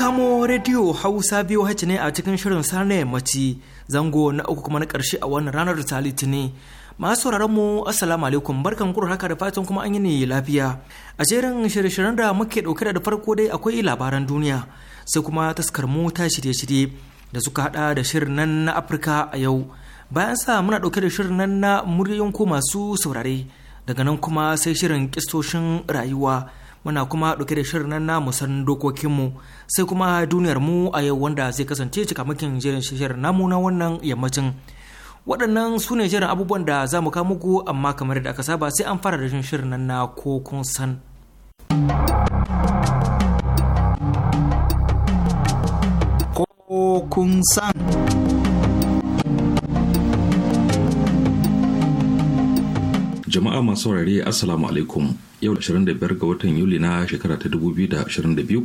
kamo rediyo hausa biyu hace ne a cikin shirin sarne yammaci zango na uku kuma na karshe a wannan ranar ta litini masu sauraron mu assalamu alaikum barkan kuro haka da fatan kuma an yi ne lafiya a jerin shirye-shiryen da muke dauke da farko dai akwai labaran duniya sai kuma taskar mu ta shirye-shirye da suka hada da shirin nan na afirka a yau bayan sa muna dauke da shirin nan na muryoyin ku masu saurare daga nan kuma sai shirin kistoshin rayuwa muna kuma ɗauke da shirin nan namu san dokokinmu sai kuma duniyar mu a yau wanda zai kasance cikamakin jirin shirin namu na wannan yammacin waɗannan su ne jiran abubuwan da za mu muku amma kamar da aka saba sai an fara da shirin nan na ko kun san ko kun san jama'a masu saurare assalamu alaikum yau 25 ga watan yuli na shekara ta 2022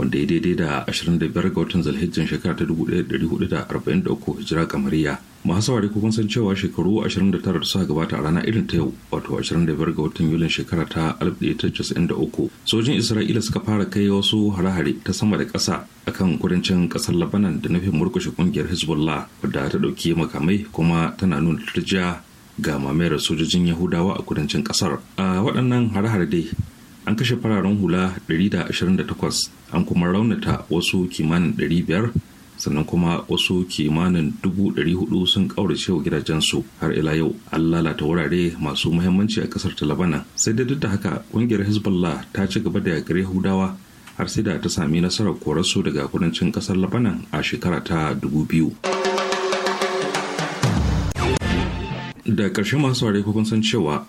wanda ya daidai da 25 ga watan zalhijjin shekara ta 1443 hijira kamariya masu saurare kuma san cewa shekaru 29 da suka gabata a rana irin ta yau wato 25 ga watan yulin shekara ta 1993 sojin isra'ila suka fara kai wasu hare-hare ta sama da ƙasa akan kudancin ƙasar labanan da nufin murkushe kungiyar hezbollah wadda ta ɗauki makamai kuma tana nuna turjiya ga mamayar sojojin yahudawa a kudancin kasar a waɗannan hare-hare dai an kashe fararen hula 128 an kuma raunata wasu kimanin 500 sannan kuma wasu kimanin 400 sun ƙaurace wa gidajensu har ila yau an lalata wurare masu muhimmanci a kasar talabana sai dai duk da haka ƙungiyar hezbollah ta ci gaba da yakar yahudawa har sai da ta sami nasarar korarsu daga kudancin kasar labanan a shekara ta 2000 da ƙarshe masu ware kukun san cewa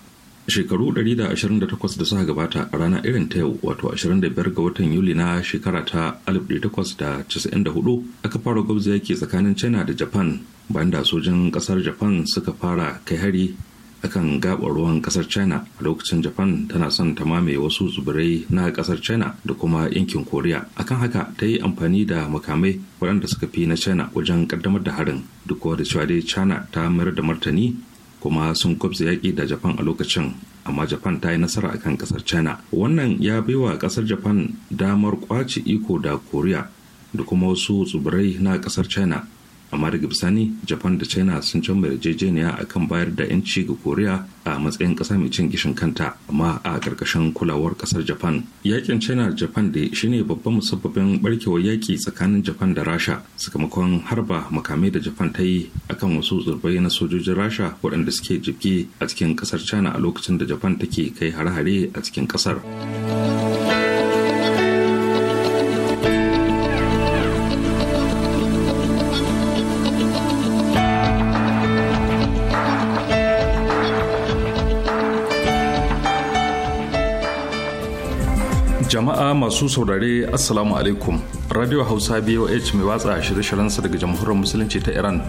shekaru 128 da suka gabata a rana irin ta yau wato 25 ga watan yuli na shekara ta 1894 aka fara gwabza yake tsakanin china da japan bayan da sojin kasar japan suka fara kai hari akan gabar ruwan kasar china a lokacin japan tana son ta mame wasu tsibirai na kasar china da kuma yankin koriya akan haka ta yi amfani da makamai waɗanda suka fi na china wajen ƙaddamar da harin duk da cewa dai china ta mayar da martani kuma sun kwabza yaƙi da japan a lokacin amma japan ta yi nasara akan ƙasar china wannan ya bai wa ƙasar japan damar kwace iko da koriya da kuma wasu tsibirai na ƙasar china amma daga bisani japan da china sun canza yarjejeniya a kan bayar da 'yanci ga koriya a matsayin kasa mai cin gishin kanta amma a karkashin kulawar ƙasar japan yakin china da japan da shine babban musabbabin barkewar yaki tsakanin japan da rasha sakamakon harba makamai da japan ta yi akan wasu tsirbai na sojojin rasha waɗanda suke jibge a cikin ƙasar china a lokacin da japan take kai hare-hare a cikin ƙasar. jama'a masu saurare assalamu alaikum radio hausa boh mai watsa shirye shiryen sa daga jamhuriyar musulunci ta iran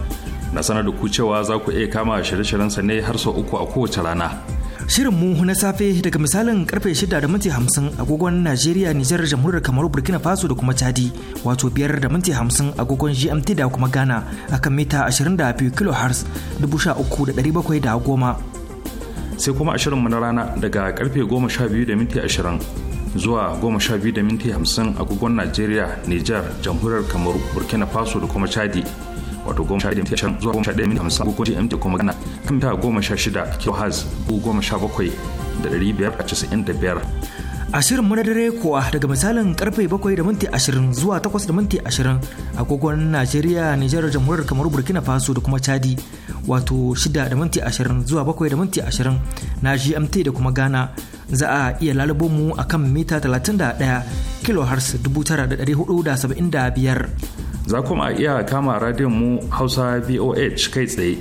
na sanar da ku cewa za ku iya kama shirye shiryen sa ne har sau uku a kowace rana shirin mu na safe daga misalin karfe 6 da minti 50 agogon najeriya nijar jamhuriyar kamar burkina faso da kuma chadi wato biyar da minti 50 agogon gmt da kuma ghana akan mita 22 kilohertz 13710 sai kuma ashirinmu na rana daga karfe goma 12 da minti ashirin. zuwa biyu da minti 50 agogon Najeriya, Nijar, Jamhuriyar Kamaru, Burkina Faso da kuma Chadi. Wato 11 minti zuwa sha ɗaya minti 50 agogon GMT kuma Ghana. Kan mita 16 kHz 17 da A shirin mu na dare kuwa daga misalin karfe bakwai da minti ashirin zuwa takwas da minti agogon Najeriya, Nijar, Jamhuriyar Kamaru, Burkina Faso da kuma Chadi. Wato shida da minti ashirin zuwa bakwai da minti na GMT da kuma Ghana. za a iya lalubo mu a kan mita 31 kilohertz biyar. Za kuma a iya kama radiyon mu Hausa VOH kai tsaye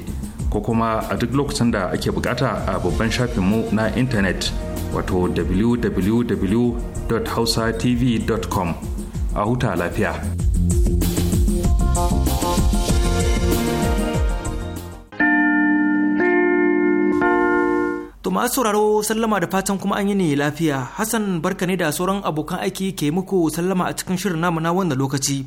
ko kuma a duk lokacin da ake bukata a babban mu na intanet wato www.hausatv.com a huta lafiya. To masu sauraro sallama da fatan kuma an yi ne lafiya. Hassan barka ne da sauran abokan aiki ke muku sallama a cikin shirin namu na wannan lokaci.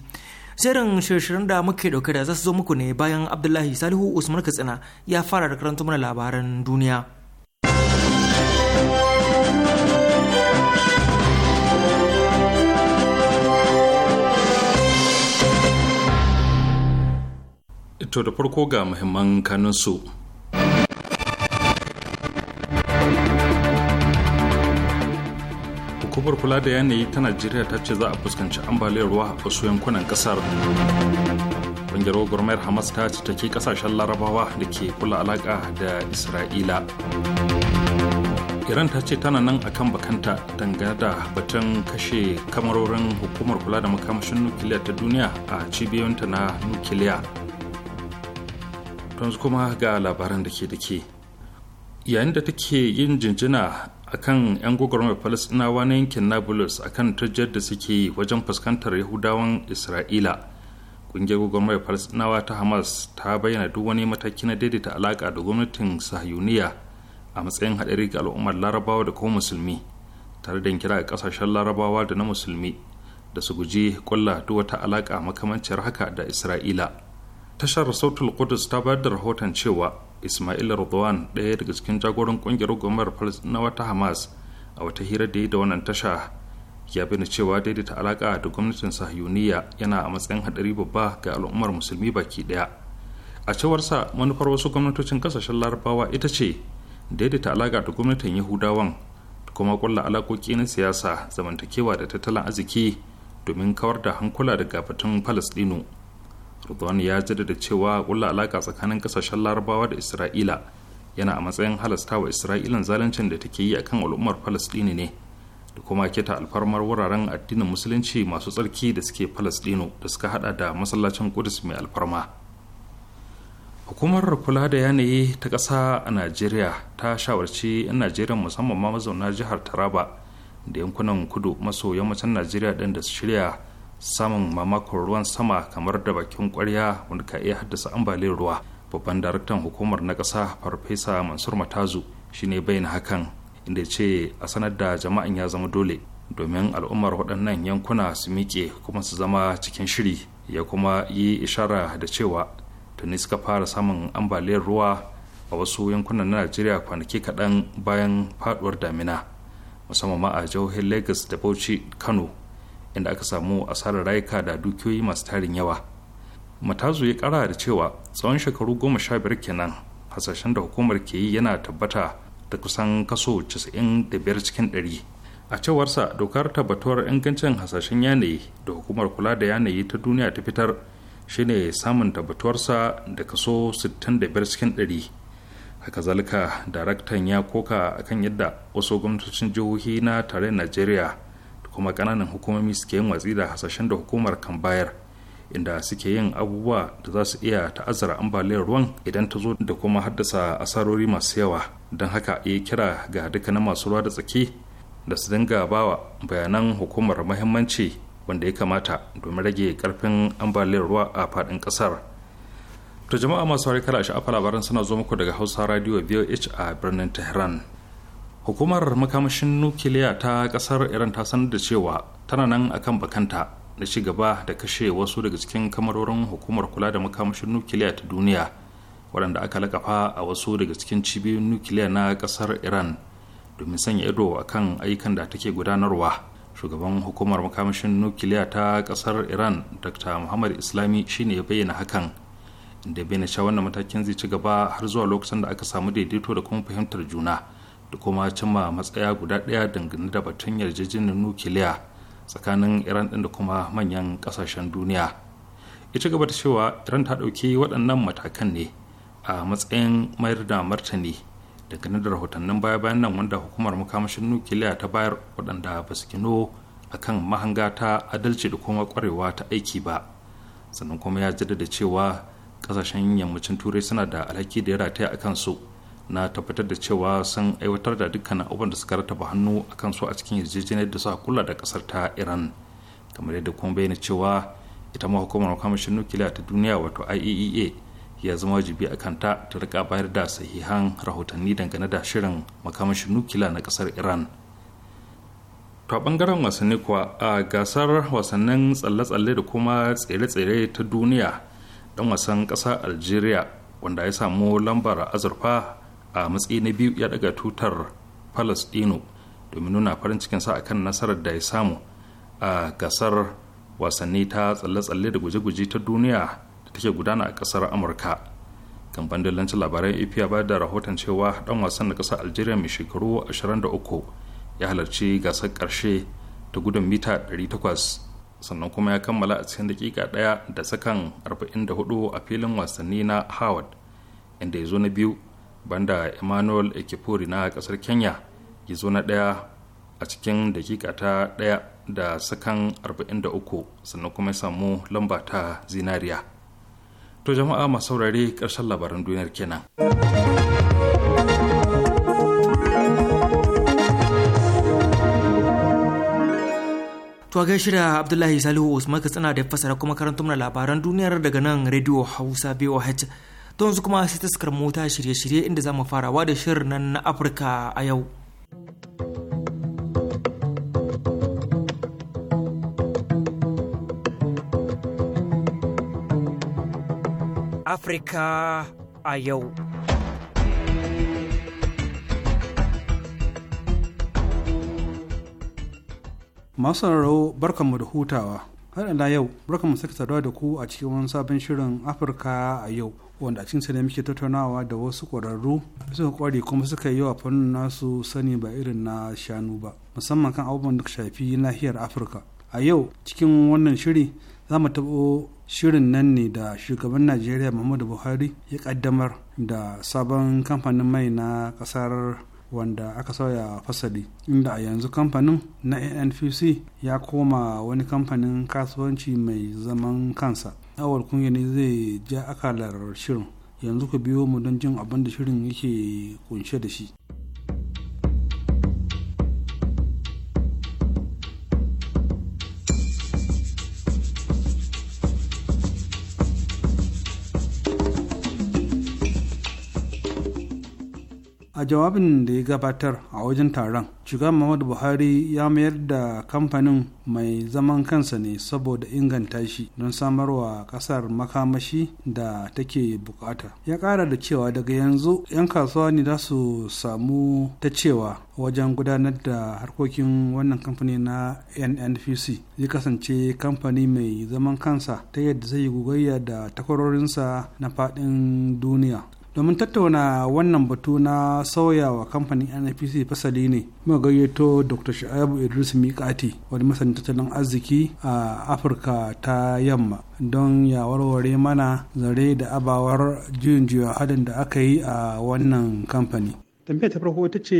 Shirin shirin da muke dauke da za su zo muku ne bayan Abdullahi Salihu Usman Katsina ya fara da karanta mana labaran duniya. To da farko ga muhimman kanunsu. hukumar kula da yanayi ta najeriya ta ce za a fuskanci ambaliyar ruwa a wasu yankunan kasar ƙungiyar gwamnatin hamas ta ce take kasashen larabawa da ke kula alaƙa da isra'ila iran ta ce tana nan akan bakanta dangane da batun kashe kamarorin hukumar kula da makamashin nukiliya ta duniya a cibiyoyinta na nukiliya yanzu kuma ga labaran da ke da ke yayin da take yin jinjina akan 'yan gwagwarmar falasɗinawa na yankin nablus akan turjar da suke yi wajen fuskantar yahudawan isra'ila ƙungiyar gwagwarmar falasɗinawa ta hamas ta bayyana duk wani mataki na daidaita alaƙa da gwamnatin sahiyuniya a matsayin haɗari ga al'ummar larabawa da kuma musulmi tare da kira ga ƙasashen larabawa da na musulmi da su guji ƙulla duk wata alaƙa makamanciyar haka da isra'ila tashar sautul qudus ta bayar da rahoton cewa ismail rudwan ɗaya daga cikin jagoran ƙungiyar gwamnatin na wata hamas a wata hira da yi da wannan tasha ya bayyana cewa daidaita alaƙa da gwamnatin sahiyuniya yana a matsayin haɗari babba ga al'ummar musulmi baki ɗaya a cewarsa manufar wasu gwamnatocin ƙasashen larabawa ita ce daidaita alaƙa da gwamnatin yahudawan da kuma ƙulla alaƙoƙi na siyasa zamantakewa da tattalin arziki domin kawar da hankula daga batun falasɗinu Rudwan ya jaddada cewa kulla alaka tsakanin kasashen larabawa da Isra'ila yana a matsayin halasta wa Isra'ilan zaluncin da take yi akan al'ummar Falastini ne da kuma kita alfarmar wuraren addinin musulunci masu tsarki da suke Falastino da suka hada da masallacin Qudus mai alfarma. hukumar kula da yanayi ta ƙasa a najeriya ta shawarci 'yan najeriya musamman ma mazauna jihar taraba da yankunan kudu maso yammacin najeriya ɗin da su shirya samun mamakon ruwan sama kamar da bakin kwarya wanda ka iya haddasa ambaliyar ruwa babban daraktan hukumar na ƙasa farfesa mansur matazu shine bayyana hakan inda ce a sanar da jama'an ya zama dole domin al'ummar waɗannan yankuna su miƙe kuma su zama cikin shiri ya kuma yi ishara da cewa tuni suka fara samun ambaliyar ruwa a wasu yankunan na najeriya kwanaki kaɗan bayan faɗuwar damina musamman ma a jihohin lagos da bauchi kano inda aka samu asarar rayuka da dukiyoyi masu tarin yawa matazu ya kara da cewa tsawon shekaru goma sha biyar kenan hasashen da hukumar ke yi yana tabbata da kusan kaso 95 cikin 100 a cewarsa dokar tabbatuwar ingancin hasashen yanayi da hukumar kula da yanayi ta duniya ta fitar shine samun tabbatuwarsa da kaso 65 cikin 100 haka zalika daraktan ya koka akan yadda wasu gwamnatocin jihohi na tare najeriya kuma kananan hukumomi suke yin watsi da hasashen da hukumar kan bayar inda suke yin abubuwa da za su iya ta'azzara ambaliyar ruwan idan ta zo da kuma haddasa asarori masu yawa don haka ya kira ga dukkanin masu ruwa da tsaki da su dinga bawa bayanan hukumar mahimmanci wanda ya kamata domin rage karfin ambaliyar ruwa a faɗin ƙasar to jama'a masu harkar sha'afa labaran suna zo muku daga hausa radio voh a birnin tehran hukumar makamashin nukiliya ta kasar iran ta sanar da cewa tana nan akan bakanta na ci gaba da kashe wasu daga cikin kamarorin hukumar kula da makamashin nukiliya ta duniya waɗanda aka lakafa a wasu daga cikin cibiyoyin nukiliya na kasar iran domin sanya ido a kan ayyukan da take gudanarwa shugaban hukumar makamashin nukiliya ta kasar iran dr muhammad islami shine ya bayyana hakan inda bai na cewa wannan matakin zai ci gaba har zuwa lokacin da aka samu daidaito da kuma fahimtar juna da kuma cimma matsaya guda ɗaya dangane da batun yarjejeniyar nukiliya tsakanin iran ɗin da kuma manyan ƙasashen duniya ya ci gaba da cewa iran ta ɗauki waɗannan matakan ne a matsayin mayar da martani dangane da rahotannin baya bayan nan wanda hukumar makamashin nukiliya ta bayar waɗanda ba su gino akan mahanga ta adalci da kuma ƙwarewa ta aiki ba sannan kuma ya jaddada cewa ƙasashen yammacin turai suna da alhaki da ya rataya a kansu na tabbatar da cewa sun aiwatar da dukkanin abubuwan da suka rataba hannu a kan su a cikin yarjejeniyar da suka kula da kasar ta iran kamar yadda kuma bayyana cewa ita ma hukumar makamashin nukiliya ta duniya wato iaea e ya zama wajibi a kanta ta rika bayar da sahihan rahotanni dangane da shirin makamashin nukiliya na kasar iran to a bangaren wasanni kuwa a gasar wasannin tsalle-tsalle da kuma tsere-tsere ta duniya dan wasan ƙasar algeria wanda ya samu lambar azurfa a matsayi na biyu ya daga tutar palestino domin nuna farin cikinsa akan nasarar da ya samu a gasar wasanni ta tsalle-tsalle da guje-guje ta duniya da take gudana a kasar amurka kamfanin dillancin labaran ap ya bayar da rahoton cewa dan wasan na kasar algeria mai shekaru 23 ya halarci gasar karshe ta gudun mita 800 sannan kuma ya kammala a cikin dakika ɗaya da sakan 44 a filin wasanni na howard inda ya zo na biyu banda emmanuel ekipuri na kasar kenya ya zo na ɗaya a cikin dakika ta ɗaya da sakan 43 sannan kuma ya samu lamba ta zinariya to jama'a masu saurare ƙarshen labaran duniyar kenan To a gaishe da Abdullahi Salihu Usman tsana da fasara kuma karanta mana labaran duniyar daga nan Radio Hausa bwh to yanzu kuma sai taskar mota shirye-shirye inda za mu farawa da shirin nan na afirka a yau Afirka a yau. Masu sauraro barkanmu da hutawa. Haɗin yau, barkanmu saka saduwa da ku a cikin wani sabon shirin Afirka a yau, wanda a sa ne muke tattaunawa da wasu ƙwararru suka ƙware kuma suka yi wa fannin nasu sani ba irin na shanu ba musamman kan abubuwan da shafi nahiyar afirka a yau cikin wannan shiri za mu taɓo shirin nan ne da shugaban najeriya muhammadu buhari ya ƙaddamar da sabon kamfanin mai na ƙasar wanda aka sauya fasali inda a yanzu kamfanin na nnpc ya koma wani kamfanin kasuwanci mai zaman kansa awal kunya ne zai ja akalar shirin yanzu ka biyo mu don jin abin da shirin yake kunshe da shi a jawabin da ya gabatar a wajen taron shugaban muhammadu buhari ya mayar da kamfanin mai zaman kansa ne saboda inganta shi don samarwa kasar makamashi da take bukata ya kara da cewa daga yanzu 'yan kasuwa ne za su samu ta cewa wajen gudanar da harkokin wannan kamfani na nnpc zai kasance kamfani mai zaman kansa ta yadda zai yi gugayya da takwarorinsa na faɗin duniya domin tattauna wannan batu na sauya wa kamfanin nnpc fasali ne muka gayyato dr sha'abu idris mikati wani masanin tattalin arziki a afirka ta yamma don ya warware mana zare da abawar juyin juya hadin da aka yi a wannan kamfani tambaya ta farko ita ce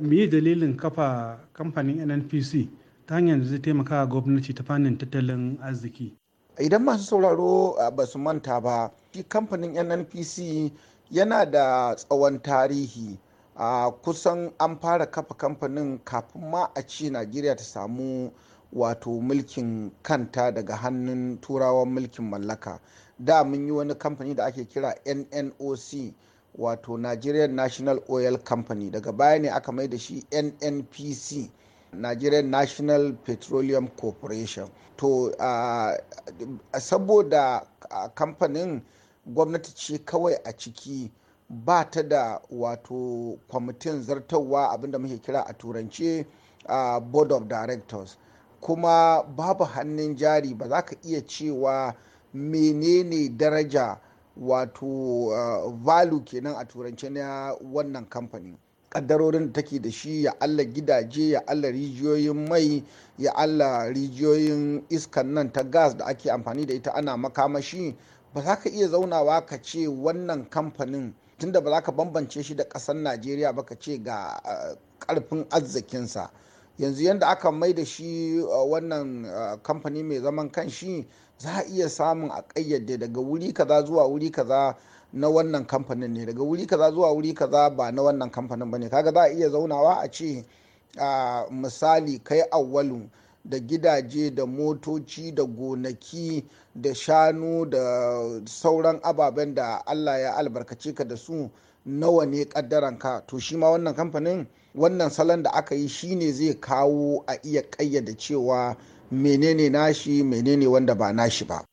me dalilin kafa kamfanin nnpc ta hanyar da zai taimaka gwamnati ta fannin tattalin arziki idan masu sauraro ba su manta ba kamfanin nnpc yana da tsawon tarihi a kusan an fara kafa kamfanin kafin ma a ci najeriya ta samu wato mulkin kanta daga hannun turawan mulkin mallaka da mun yi wani kamfani da ake kira nnoc wato nigerian national oil company daga baya ne aka mai da shi nnpc nigerian national petroleum corporation to saboda kamfanin gwamnati ce kawai a ciki ba ta da wato kwamitin zartarwa abinda muke kira a turance uh, board of directors kuma babu hannun jari ba za ka iya cewa menene daraja wato uh, value kenan a turance na wannan kamfanin kaddarorin da take da shi ya allah gidaje ya allah rijiyoyin mai ya allah rijiyoyin iskan nan ta gas da ake amfani da ita ana makamashi ba za ka iya zaunawa ka ce wannan kamfanin tunda ba za ka bambance shi da kasar najeriya ba ka ce ga karfin eh, arzikinsa yanzu yadda aka mai da shi eh, wannan eh, kamfani mai zaman kan shi za a iya samun a kayyade daga wuri kaza zuwa wuri kaza na wannan kamfanin ne daga wuri kaza zuwa wuri kaza ba na wannan kamfanin ba ne kaga za a iya zaunawa a ce misali kai awwalu da gidaje da motoci da gonaki da shanu da sauran ababen da allah ya albarkace ka da su nawa ne ka to shi ma wannan kamfanin wannan salon da aka yi shine zai kawo a iya kayyada cewa menene nashi menene wanda ba nashi ba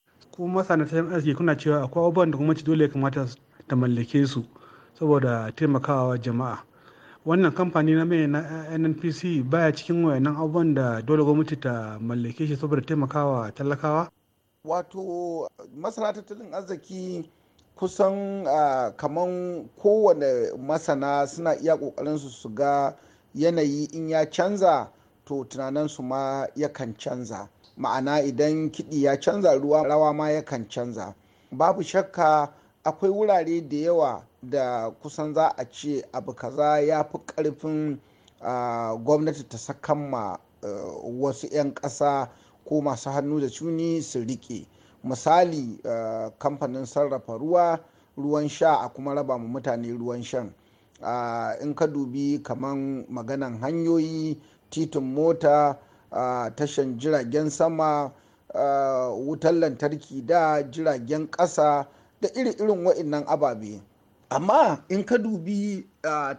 kuma masana tattalin arziki kuna cewa akwai abubuwan da gwamnati dole ya kamata ta mallake su saboda taimakawa jama'a wannan kamfani na mai na nnpc baya cikin wayannan abubuwan da dole gwamnati ta mallake shi saboda taimakawa talakawa wato masana tattalin arziki kusan kamar kowane masana suna iya kokarin su su ga yanayi in ya canza to su ma yakan canza ma'ana idan kiɗi ya canza ruwa rawa ma yakan canza babu shakka akwai wurare da yawa da kusan za a ce abu kaza ya fi ƙarfin gwamnati ta sakan ma wasu 'yan ƙasa ko masu hannu da cuni su riƙe misali kamfanin sarrafa ruwa ruwan sha a kuma raba mu mutane ruwan shan in ka dubi kaman maganan hanyoyi titin mota a tashan jiragen sama wutar lantarki da jiragen ƙasa da iri-irin wa'innan ababe amma in ka dubi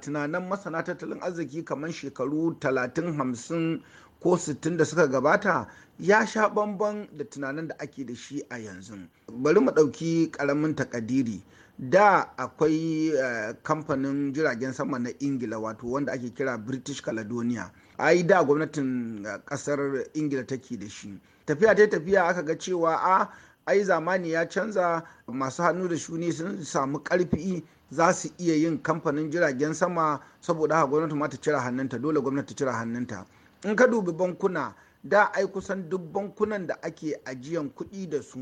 tunanin masana tattalin arziki kamar shekaru 30-50 ko 60 da suka gabata ya sha bamban da tunanin da ake da shi a yanzu bari mu ɗauki ƙaramin takadiri da akwai eh, kamfanin jiragen sama na ingila wato wanda ake kira british caledonia ai da gwamnatin kasar uh, ingila take da shi tafiya ta tafiya aka ga cewa a ai zamani ya canza masu hannu da shuni sun samu karfi za su iya yin kamfanin jiragen sama saboda haka gwamnati ma ta cire hannunta dole gwamnati ta cire hannunta in ka dubi bankuna da ai kusan duk bankunan da ake ajiyan kuɗi da su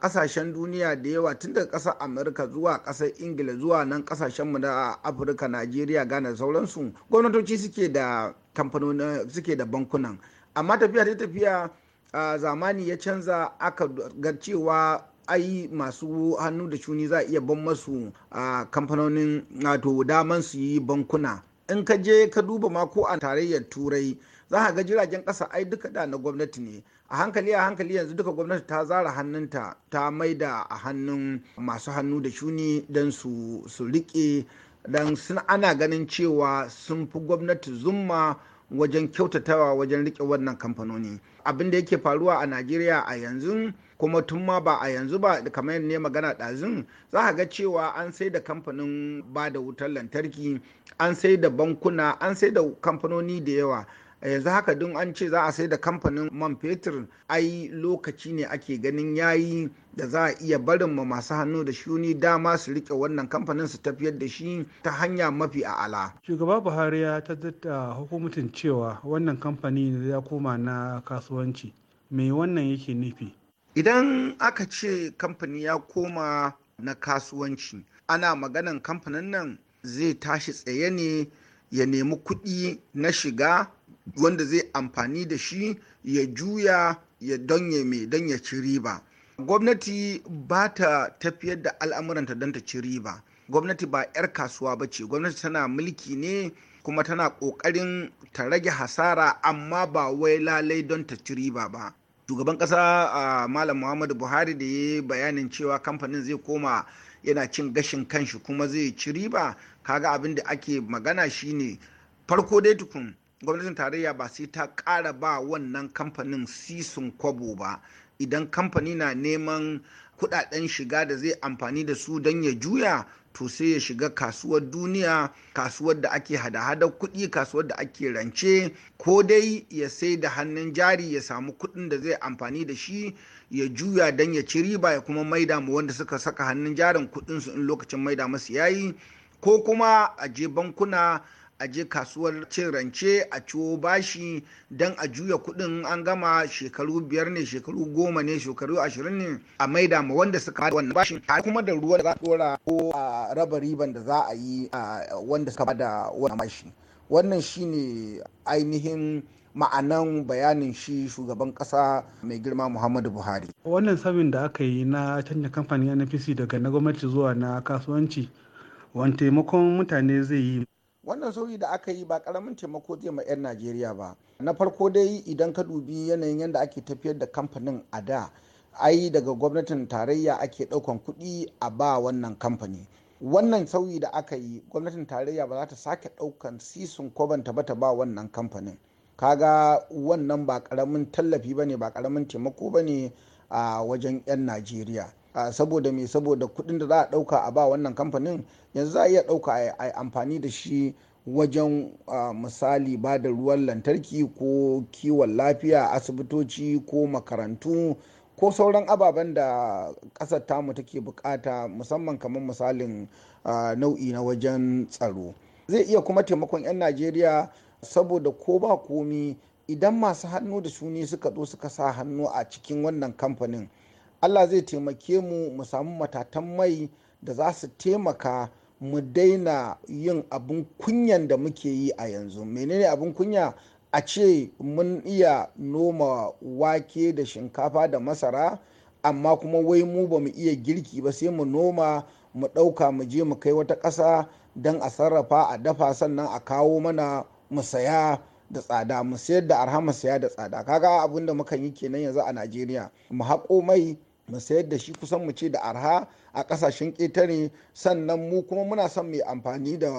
kasashen duniya da yawa tun daga ƙasar amurka zuwa ƙasar ingila zuwa nan kasashen mu na afirka najeriya ghana sauransu gwamnatoci suke da kamfanonin suke da bankunan amma tafiya ta tafiya zamani ya canza aka ga cewa ai masu hannu da shuni za a iya ban masu kamfanonin wato daman su yi bankuna in ka je ka duba ma ko a tarayyar turai za ka ga jiragen kasa ai duka da na gwamnati ne a hankali a hankali yanzu duka gwamnati ta zara hannunta ta maida a hannun masu hannu da shuni don su riƙe dan sun ana ganin cewa sun fi gwamnati zumma wajen kyautatawa wajen rike wannan kamfanoni abin da yake faruwa a najeriya a yanzu kuma tun ma ba a yanzu ba kamar ne magana ɗazun za a ga cewa an sai da kamfanin ba da wutar lantarki an sai da bankuna an sai da kamfanoni da yawa yanzu haka don an ce za a sai da kamfanin man fetur ai lokaci ne ake ganin yayi da za a iya barin ma masu hannu da shuni dama su rike wannan kamfanin su tafiyar da shi ta hanya mafi a'ala. shugaba buhari ya tattata hukumtun cewa wannan kamfani ya koma na kasuwanci me wannan yake nufi idan aka ce kamfani ya koma na kasuwanci ana maganan kamfanin nan zai tashi tsaye ne ya nemi kuɗi na shiga wanda zai amfani da shi ya juya ya donye mai don ya ci riba gwamnati ba ta tafiyar da al'amuranta don ta ci riba gwamnati ba 'yar kasuwa ba ce gwamnati tana mulki ne kuma tana ƙoƙarin ta rage hasara amma ba wai lalai don ta ci riba ba shugaban ƙasa malam muhammadu buhari da ya bayanin cewa kamfanin zai koma yana cin gashin kanshi kuma zai ci riba kaga abin da ake magana shine farko dai tukun gwamnatin tarayya ba sai ta ƙara ba wannan kamfanin sisun kwabo ba idan kamfani na neman kudaden shiga da zai amfani da su don ya juya to sai ya shiga kasuwar duniya kasuwar da ake hada-hada kuɗi kasuwar da ake rance ko dai ya sai da hannun jari ya samu kuɗin da zai amfani da shi ya juya don ya ci riba ya kuma maida mu wanda suka saka hannun jarin kuɗinsu in lokacin maida masu yayi ko kuma a je bankuna a je kasuwar cin rance a ciwo bashi don a juya kuɗin an gama shekaru biyar ne shekaru goma ne shekaru ashirin ne a maida ma wanda suka bada wannan bashin a kuma da ruwa da za a dora ko a raba riban da za a yi a wanda suka bada wannan bashi wannan shine ainihin ma'anan bayanin shi shugaban kasa mai girma muhammadu buhari wannan samin da aka yi na canja kamfanin nfc daga na gwamnati zuwa na kasuwanci wani taimakon mutane zai yi wannan sauyi da aka yi ba karamin taimako zai ma 'yan najeriya ba na farko dai idan ka dubi yanayin yadda ake tafiyar da kamfanin a da ai daga gwamnatin tarayya ake daukan kuɗi a ba wannan kamfani wannan sauyi da aka yi gwamnatin tarayya ba za ta sake daukan sisin kwabanta ba ta ba wannan kamfanin kaga wannan ba karamin tallafi ba ne ba karamin taimako ba ne a wajen 'yan najeriya saboda me saboda kuɗin da za a ɗauka a ba wannan kamfanin yanzu za a iya ɗauka a amfani da shi wajen misali ba da ruwan lantarki ko kiwon lafiya asibitoci ko makarantu ko sauran ababen da ƙasar tamu take bukata musamman kamar misalin nau'i na wajen tsaro zai iya kuma taimakon 'yan najeriya saboda ko ba komi idan masu hannu da suni suka zo suka sa hannu a cikin wannan kamfanin allah zai taimake mu mu samu matatan mai da za su taimaka mu daina yin abin kunyan da muke yi a yanzu menene abin kunya a ce mun iya noma wake da shinkafa da masara amma kuma wai mu ba mu iya girki ba sai mu noma mu ɗauka mu je mu kai wata ƙasa don a sarrafa a dafa sannan a kawo mana mu saya da tsada mu sayar da arha mu saya da tsada kaga abin da mukan yi kenan yanzu a najeriya mu haƙo mai mu sayar da shi kusan mu ce da arha a kasashen ƙetare sannan mu kuma muna son mai amfani da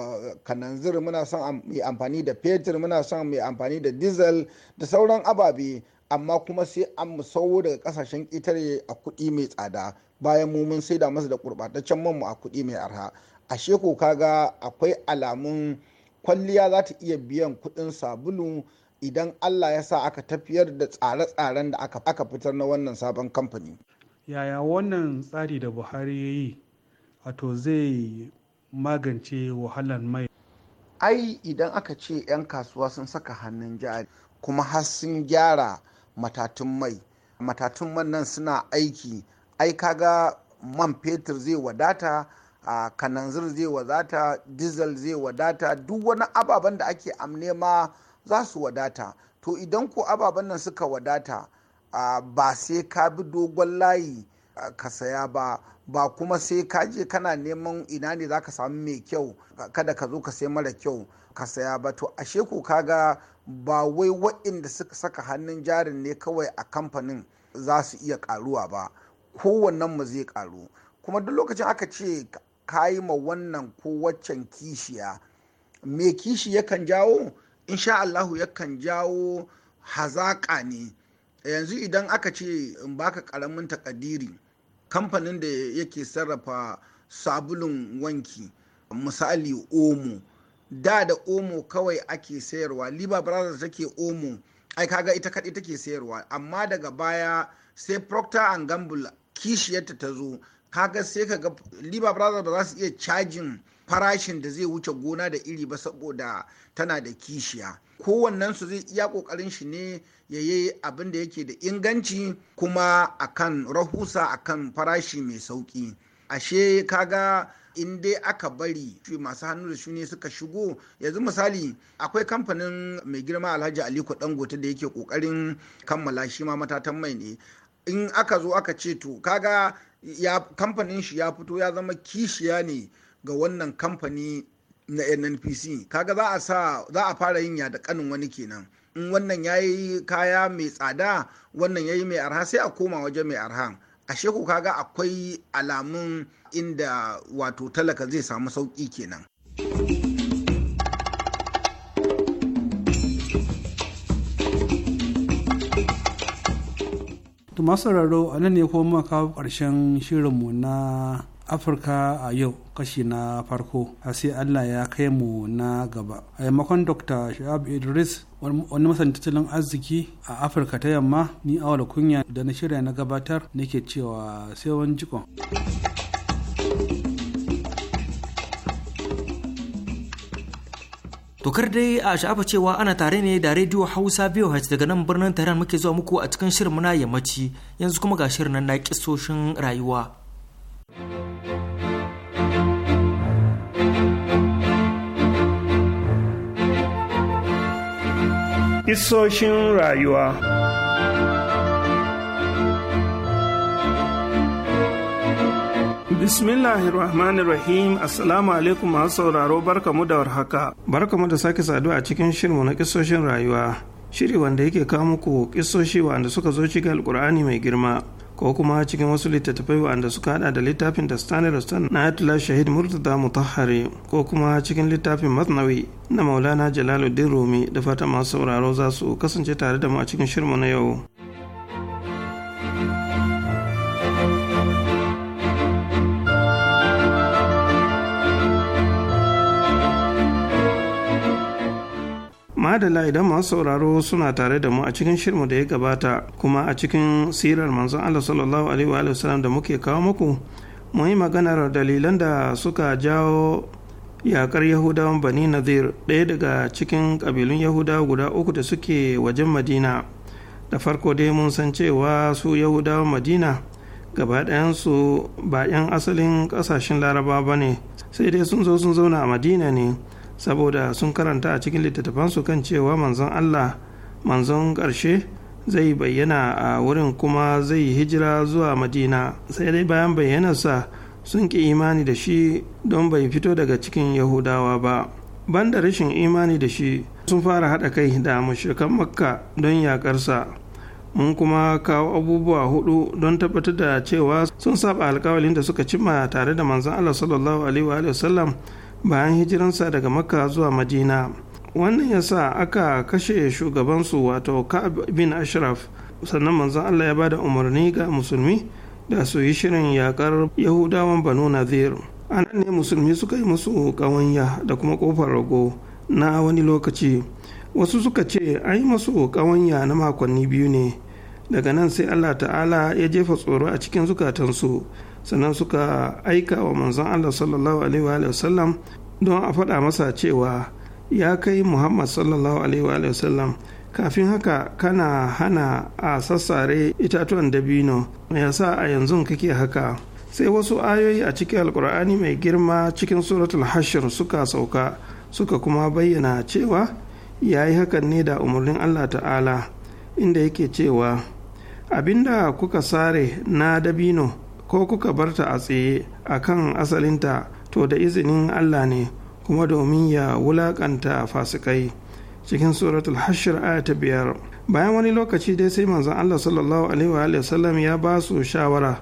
kananzir muna son mai amfani da fetur muna son mai amfani da diesel da sauran ababe amma kuma sai an sauwo daga kasashen ƙetare a kuɗi mai tsada bayan mu mun saida masa da man mu a kuɗi mai arha a sheko kaga akwai alamun kwalliya za ta iya biyan kuɗin sabulu idan allah ya sa aka tafiyar da tsare-tsaren da aka fitar na wannan sabon kamfani yaya wannan tsari da buhari ya yi wato zai magance wahalar mai ai idan aka ce 'yan kasuwa sun saka hannun jari kuma har sun gyara matatun mai matatun man nan suna aiki ai kaga man fetur zai wadata a kananzir zai wadata diesel zai wadata duk wani ababen da ake amnema za su wadata to idan ko ababen nan suka wadata ba sai ka bi dogon layi ka saya ba ba kuma sai ka je kana neman ina ne za ka samu mai kyau kada ka zo ka sai mara kyau ka saya ba to ashe ko kaga ba wai waɗanda suka saka hannun jarin ne kawai a kamfanin za su iya karuwa ba kowannen mu zai karu kuma duk lokacin aka ce ka yi ma wannan ko waccan kishiya me kishi yakan jawo Insha'Allahu yakan jawo hazaƙa ne yanzu idan aka ce in baka karamin takadiri kamfanin da yake sarrafa sabulun wanki misali omo da da omo kawai ake sayarwa liba brothers take omo ai kaga ita kaɗai take sayarwa amma daga baya sai procter and gamble kishiyarta ta zo kaga sai kaga ga liba brothers ba za su iya cajin farashin da zai wuce gona da iri ba saboda tana da kishiya kowannen su zai iya kokarin shi ne ya yi abin da yake da inganci kuma akan rahusa akan farashi mai sauki ashe kaga in dai aka bari masu hannu da shuni suka shigo yanzu misali akwai kamfanin mai girma alhaji aliko dangote da yake kokarin kammala shi ma matatan mai ne in aka zo aka ce to kaga ya kamfanin shi ya fito ya zama kishiya ne ga wannan kamfani na nnpc kaga za a sa za a fara yin ya da kanin wani kenan in wannan ya yi kaya mai tsada wannan ya yi mai arha sai a koma waje mai arha a sheku kaga akwai alamun inda wato talaka zai samu sauki kenan masu sauraro a nan ne kuma kawo ƙarshen shirinmu na afirka a yau kashi na farko a sai allah ya kai mu na gaba a yammakon dr shahab idris wani masan tattalin arziki a afirka ta yamma ni awal kunya da na shirya na gabatar nake cewa sai wani jikon Tokar dai a sha'afa cewa ana tare ne da rediyo Hausa biyu hajji daga nan birnin Tehran muke zuwa muku a cikin shirin muna yammaci yanzu kuma ga shirin na kisoshin rayuwa. hissoshin rayuwa Bismillahirrahmanirrahim Assalamu alaikum masu sauraro barka barkamu da warhaka. Barkamu da sake saduwa a cikin shirinmu na kisoshin rayuwa. Shiri wanda yake kawo muku kisoshi wanda suka zo cikin alkur'ani mai girma ko kuma cikin wasu littattafai wanda suka hada da littafin da stan na atula shahid murtada mutahari ko kuma cikin littafin masnawi na maulana jalaluddin rumi da fata masu sauraro za su kasance tare da mu a cikin shirmu na yau madala idan masu sauraro suna tare da mu a cikin shirmu da ya gabata kuma a cikin sirar manzon Allah sallallahu alaihi wa da muke kawo muku mun yi maganar dalilan da suka jawo yakar yahudawan bani nazir ɗaya daga cikin ƙabilun yahudawa guda uku da suke wajen madina da farko dai mun san cewa su yahudawan madina gaba ɗayansu ba 'yan asalin ƙasashen laraba ba ne sai dai sun zo sun zauna a madina ne saboda sun karanta a cikin littattafansu kan cewa manzon Allah manzon ƙarshe zai bayyana a wurin kuma zai hijira zuwa madina sai dai bayan bayyanarsa sun ki imani da shi don bai fito daga cikin yahudawa ba banda rashin imani da shi sun fara haɗa kai da mashirkan makka don yaƙarsa mun kuma kawo abubuwa hudu don tabbatar da cewa sun saba alkawalin da suka cimma tare da manzon allah sallallahu alaihi wa sallam bayan hijiransa daga makka zuwa madina wannan ya sa aka kashe shugabansu wato ka'ab bin ashraf sannan manzon allah ya bada umarni ga musulmi da su yi shirin yakar yahudawan banu nazir a nan ne musulmi suka yi musu ƙawanya da kuma ƙofar rago na wani lokaci wasu suka ce an yi masu ƙawanya na makonni biyu ne daga nan sai allah ta'ala ya jefa tsoro a cikin zukatansu sannan suka aika wa manzon Allah sallallahu alaihi wa sallam don a faɗa masa cewa ya kai Muhammad sallallahu alaihi wa sallam kafin haka kana hana a sassare itatuwan dabino ya sa a yanzu kake haka sai wasu ayoyi a cikin alkur'ani mai girma cikin suratul hashir suka sauka suka kuma bayyana cewa ya yi hakan ne da umarnin allah ta'ala inda yake cewa abinda kuka sare na dabino ko kuka barta a tsaye a kan asalinta to da izinin Allah ne kuma domin ya wulakanta fasikai cikin suratul hashir aya ta biyar bayan wani lokaci dai sai manzon Allah sallallahu alaihi wa sallam ya ba su shawara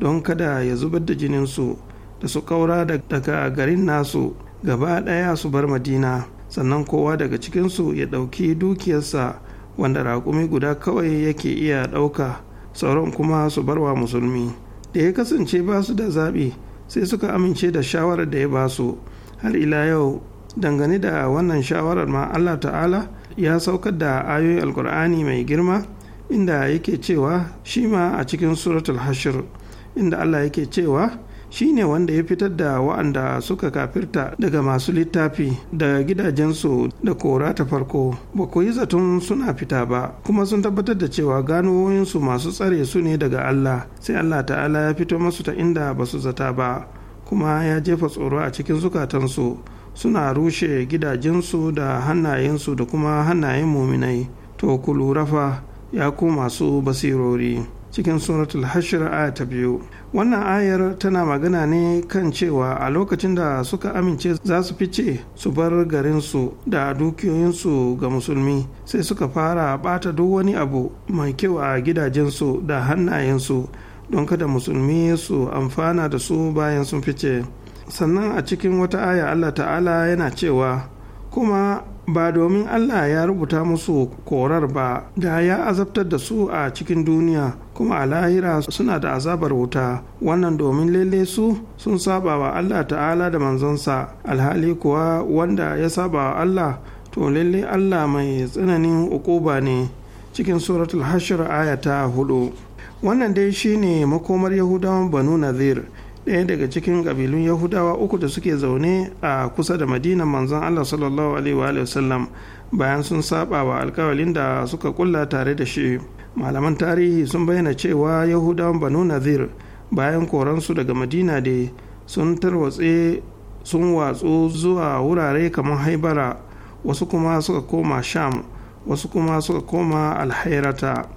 don kada ya zubar da jininsu da su kaura daga garin nasu gaba ɗaya su bar madina sannan kowa daga cikinsu ya ɗauki dukiyarsa wanda raƙumi guda kawai yake iya ɗauka sauran kuma su barwa musulmi da ya kasance ba su da zaɓi sai suka amince da shawarar da ya ba su har ila yau dangane da wannan shawarar ma allah ta'ala ya saukar da ayoyi alkur'ani mai girma inda yake cewa shi ma a cikin suratul hashir inda allah yake cewa Shi ne wanda ya fitar da wa'anda suka kafirta daga masu littafi da gidajensu da kora ta farko ba ku yi zaton suna fita ba kuma sun tabbatar da cewa ganowoyinsu masu tsare su ne daga Allah sai Allah ta'ala ya fito masu ta inda ba su zata ba kuma ya jefa tsoro a cikin zukatansu suna rushe gidajensu da hannayensu da kuma hannayen muminai to ku lura fa ya ku masu basirori. cikin suratul hashir aya ta biyu wannan ayar tana magana ne kan cewa a lokacin da suka amince za su fice su bar garinsu da dukiyoyinsu ga musulmi sai suka fara bata duk wani abu mai kyau a gidajensu da hannayensu don kada musulmi su amfana da su bayan sun fice sannan a cikin wata aya allah ta'ala yana cewa kuma ba domin Allah ya rubuta musu korar ba da ya azabtar da su a cikin duniya kuma a lahira suna da azabar wuta wannan domin lele su sun saba wa Allah ta'ala da manzonsa alhali kuwa wanda ya saba wa Allah to lele Allah mai tsananin ukuba ne cikin suratul hashir ayata ta hudu wannan dai shine makomar yahudawan banu nazir ɗaya daga cikin ƙabilun yahudawa uku da suke zaune a kusa da madina manzon allah sallallahu alaihi wa sallam bayan sun saba wa alkawalin da suka kulla tare da shi malaman tarihi sun bayyana cewa yahudawan banu nazir bayan koransu daga madina da sun tarwatse sun watsu zuwa wurare kamar haibara wasu kuma suka koma sham wasu kuma suka koma alhairata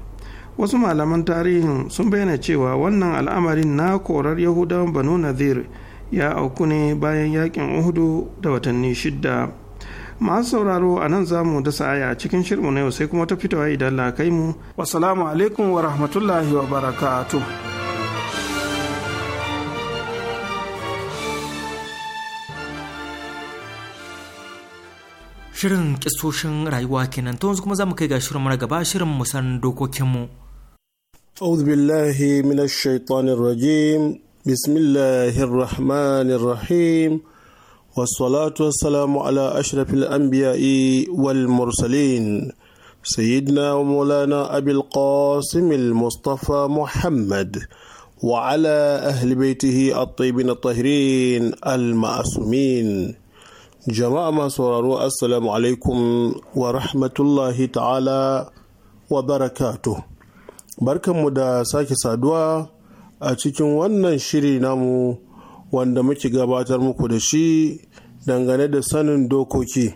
wasu malaman tarihin sun bayyana cewa wannan al'amarin na korar yahudawan banu nazir ya auku ne bayan yakin uhudu da watanni shidda masu sauraro a nan za mu dasa aya a cikin shirmu na yau sai kuma ta fitowa idan la mu wasalamu alaikum wa rahmatullahi wa barakatu. shirin kistoshin rayuwa kenan to yanzu kuma za mu kai ga shirin mara gaba shirin musan dokokinmu أعوذ بالله من الشيطان الرجيم بسم الله الرحمن الرحيم والصلاة والسلام على أشرف الأنبياء والمرسلين سيدنا ومولانا أبي القاسم المصطفى محمد وعلى أهل بيته الطيبين الطاهرين المعصومين جماعة ما السلام عليكم ورحمة الله تعالى وبركاته barkanmu da sake saduwa a cikin wannan shiri namu wanda muke gabatar muku da shi dangane da sanin dokoki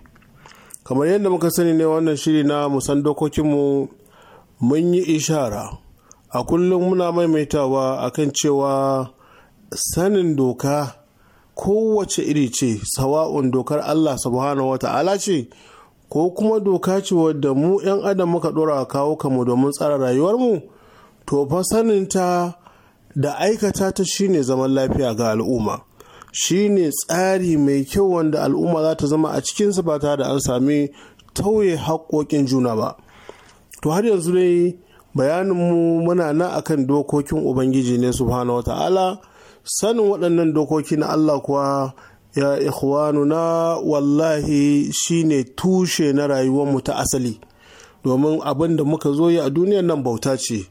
kamar yadda muka sani ne wannan shiri na musan dokokinmu mun yi ishara a kullum muna maimaitawa akan cewa sanin doka kowace iri ce sawa'un dokar allah subhanahu wa ta'ala ce ko kuma doka ce wadda mu 'yan adam muka dora kawo kamu domin tsara rayuwarmu to fa saninta da aikata ta shine zaman lafiya ga al'umma shine tsari mai kyau wanda al'umma za ta zama a cikinsa ba tare da an sami tauye haƙoƙin juna ba to har yanzu dai mu muna nan akan dokokin ubangiji ne subhanahu wata'ala sanin waɗannan dokoki na allah kuwa ya na wallahi shine tushe na rayuwar mu ta asali domin abin da muka zo yi a duniyar nan bauta ce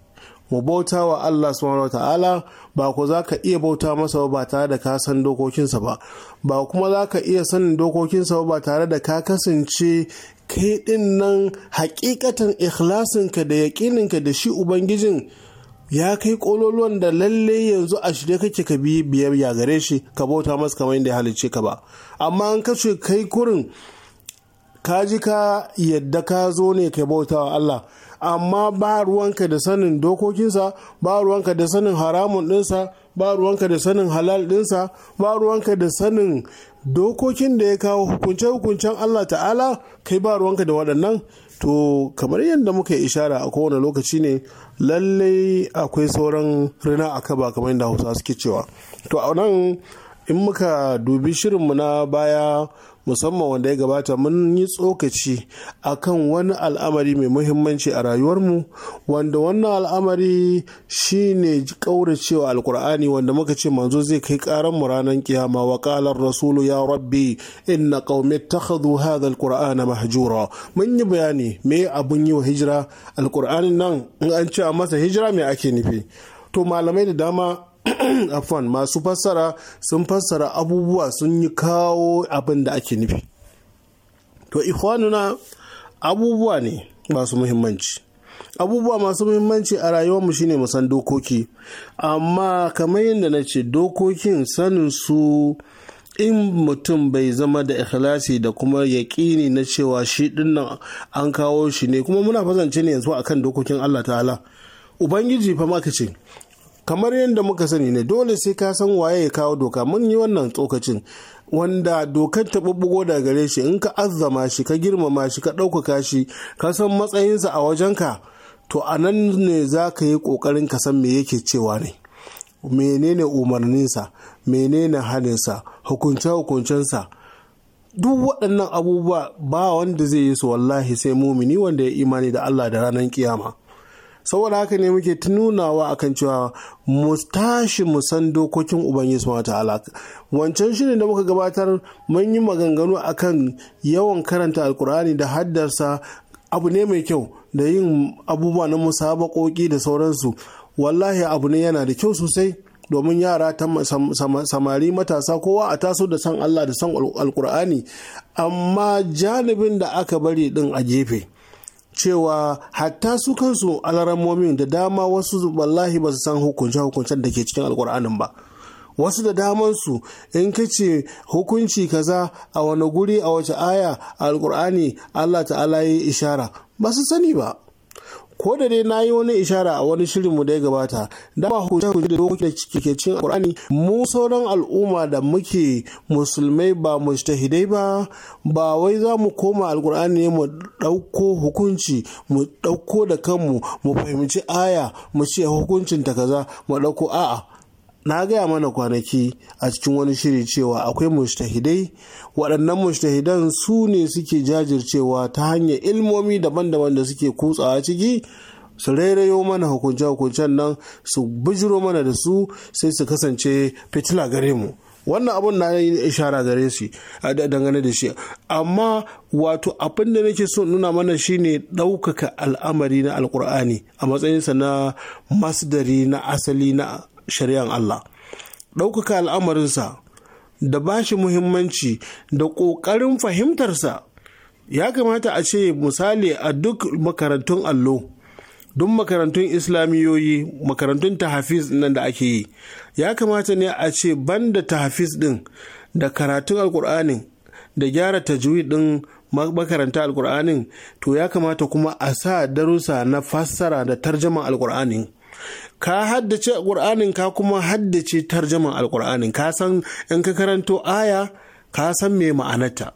mu bauta wa Allah subhanahu ta'ala ba ku za ka iya bauta masa ba tare da ka san dokokinsa ba ba kuma za ka iya sanin dokokinsa ba tare da ka kasance kai din nan hakikatan ikhlasinka da yaƙininka da shi ubangijin ya kai kololuwan da lalle yanzu a shirye kake ka bi ya gare shi ka bauta masa kamar yadda ya halicce ka ba amma an kace kai kurin ka ji ka yadda ka zo ne ka bauta wa Allah amma ba ruwanka da sanin dokokinsa ba ruwanka da sanin haramun dinsa, ba ruwanka da sanin halal dinsa, ba ruwanka da sanin dokokin da ya kawo hukunce-hukuncen Allah ta'ala kai ba ruwanka da waɗannan to kamar yadda muka yi ishara a kowane lokaci ne lallai akwai sauran rina a kaba kamar yadda hausa suke cewa to a nan in muka dubi shirinmu na baya musamman wanda ya gabata mun yi tsokaci a kan wani al'amari mai muhimmanci a rayuwarmu wanda wannan al'amari shi ne kauracewa alkur'ani wanda muka ce manzo zai kai karan mu ranar kiyama wa ƙalar rasulu ya rabbi inna qaumi haɗa hadha alqur'ana mahjura mun yi bayani me abun yi wa hijira alkur'anin nan in an ce a masa hijira me ake nufi to malamai da dama afwan masu fassara sun fassara abubuwa sun yi kawo abin da ake nufi to ikhwanuna abubuwa ne masu muhimmanci abubuwa masu muhimmanci a rayuwarmu shine mu san dokoki amma kamar yadda na ce dokokin sanin su in mutum bai zama da ikhlasi da kuma yaƙini na cewa shi dinnan an kawo shi ne kuma muna fasance ne yanzu akan dokokin Allah ta'ala ubangiji fa maka ce kamar yadda muka sani ne dole sai ka san waye ya kawo doka mun yi wannan tsokacin wanda dokar ta bubbugo daga gare shi in ka azzama shi ka girmama shi ka ɗaukaka shi ka san matsayinsa a wajenka to a nan ne za ka yi ƙoƙarin ka san me yake cewa ne menene umarninsa menene haninsa hukunce-hukuncensa duk waɗannan abubuwa ba wanda zai yi su wallahi sai mumini wanda ya imani da Allah da ranar kiyama saboda haka ne muke tunawa akan cewa mu tashi mu san dokokin ubangiji subhanahu ta'ala wancan shirin da muka gabatar mun yi maganganu akan yawan karanta alkur'ani da haddarsa abu ne mai kyau da yin abubuwa na musabakoki da sauransu wallahi abu ne yana da kyau sosai domin yara ta samari matasa kowa a taso da san Allah da san alkur'ani amma janibin da aka bari din a gefe cewa hatta su kansu alaramomin da dama wasu wallahi ba su san hukunce-hukuncen da ke cikin alkur'anin ba wasu da damansu in ka ce hukunci kaza a wani guri a wace aya alkur'ani allah ta'ala ya yi ishara ba su sani ba ko da dai na yi wani ishara a wani shirin mu da ya gabata da ba hujja hujja da dokoki ke cin alkur'ani mu sauran al'umma da muke musulmai ba mu mujtahidai ba ba wai za mu koma alkur'ani mu ɗauko hukunci mu ɗauko da kanmu mu fahimci aya mu ce hukuncin ta kaza mu ɗauko a'a na gaya mana kwanaki a cikin wani shiri cewa akwai mushtahidai waɗannan mushtahidan su ne suke jajircewa ta hanyar ilmomi daban-daban da suke kutsawa ciki su rairayo mana hukunce-hukuncen nan su bijiro mana da su sai su kasance fitila gare mu wannan abun na yi ishara gare su a dangane da shi amma wato abin da nake so nuna mana shine ɗaukaka al'amari na alkur'ani a matsayinsa na masdari na asali na shari'an Allah ɗaukaka al'amarinsa da ba shi muhimmanci da ƙoƙarin fahimtarsa ya kamata a ce misali a duk makarantun allo duk makarantun islamiyoyi makarantun tahafiz nan da ake yi ya kamata ne a ce banda tahafiz din da karatun alkur'anin da gyara tajwid din makaranta alkur'anin to ya kamata kuma a sa darussa na fassara da tarjaman alkur'anin ka haddace alƙur'anin ka kuma haddace tarjaman alƙur'anin ka san in ka karanto aya ka san me ma'anarta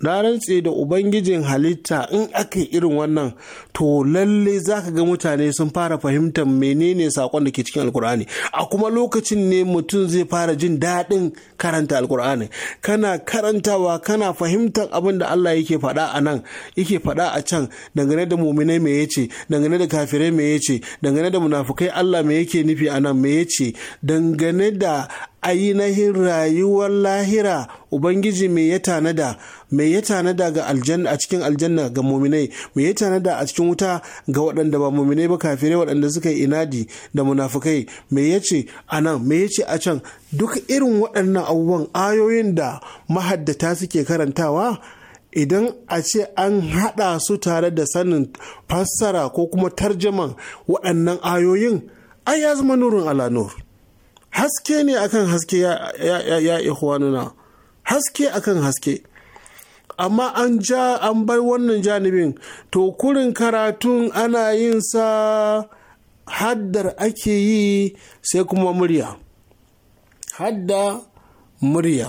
na rantse da ubangijin halitta in aka irin wannan to lalle za ka ga mutane sun fara fahimtar menene sakon da ke cikin alkur'ani a kuma lokacin ne mutum zai fara jin daɗin karanta alkur'ani kana karantawa kana fahimtar abin da allah yake faɗa a nan yake faɗa a can dangane da muminai me yace dangane da kafirai me yace dangane da munafukai allah me yake nufi a nan me yace dangane da ainihin rayuwar lahira ubangiji mai ya tanada mai ya tanada ga aljanna a cikin aljanna ga muminai mai ya tanada a cikin wuta ga waɗanda ba muminai ba kafirai waɗanda suka yi inadi da munafukai me ya ce a nan me ya ce a can duk irin waɗannan abubuwan ayoyin da mahaddata suke karantawa idan a ce an haɗa su tare da sanin fassara ko kuma tarjaman waɗannan ayoyin ai ya zama nurin ala nur. haske ne akan haske ya, ya, haske akan haske amma an ja an bar wannan janibin to kurin karatun ana yin sa haddar ake yi sai kuma murya hadda murya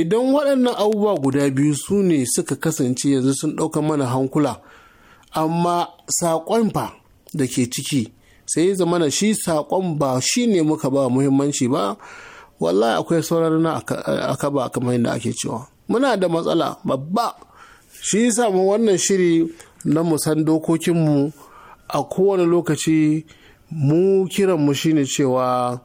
idan waɗannan abubuwa guda biyu su ne suka kasance yanzu sun ɗauka mana hankula amma saƙon fa da ke ciki sai ya zamana shi saƙon ba shi ne muka ba muhimmanci ba wallahi akwai sauran na aka ba kamar yadda ake cewa muna da matsala babba shi yasa mu wannan shiri na mu san dokokinmu a kowane lokaci mu kiran mu shine cewa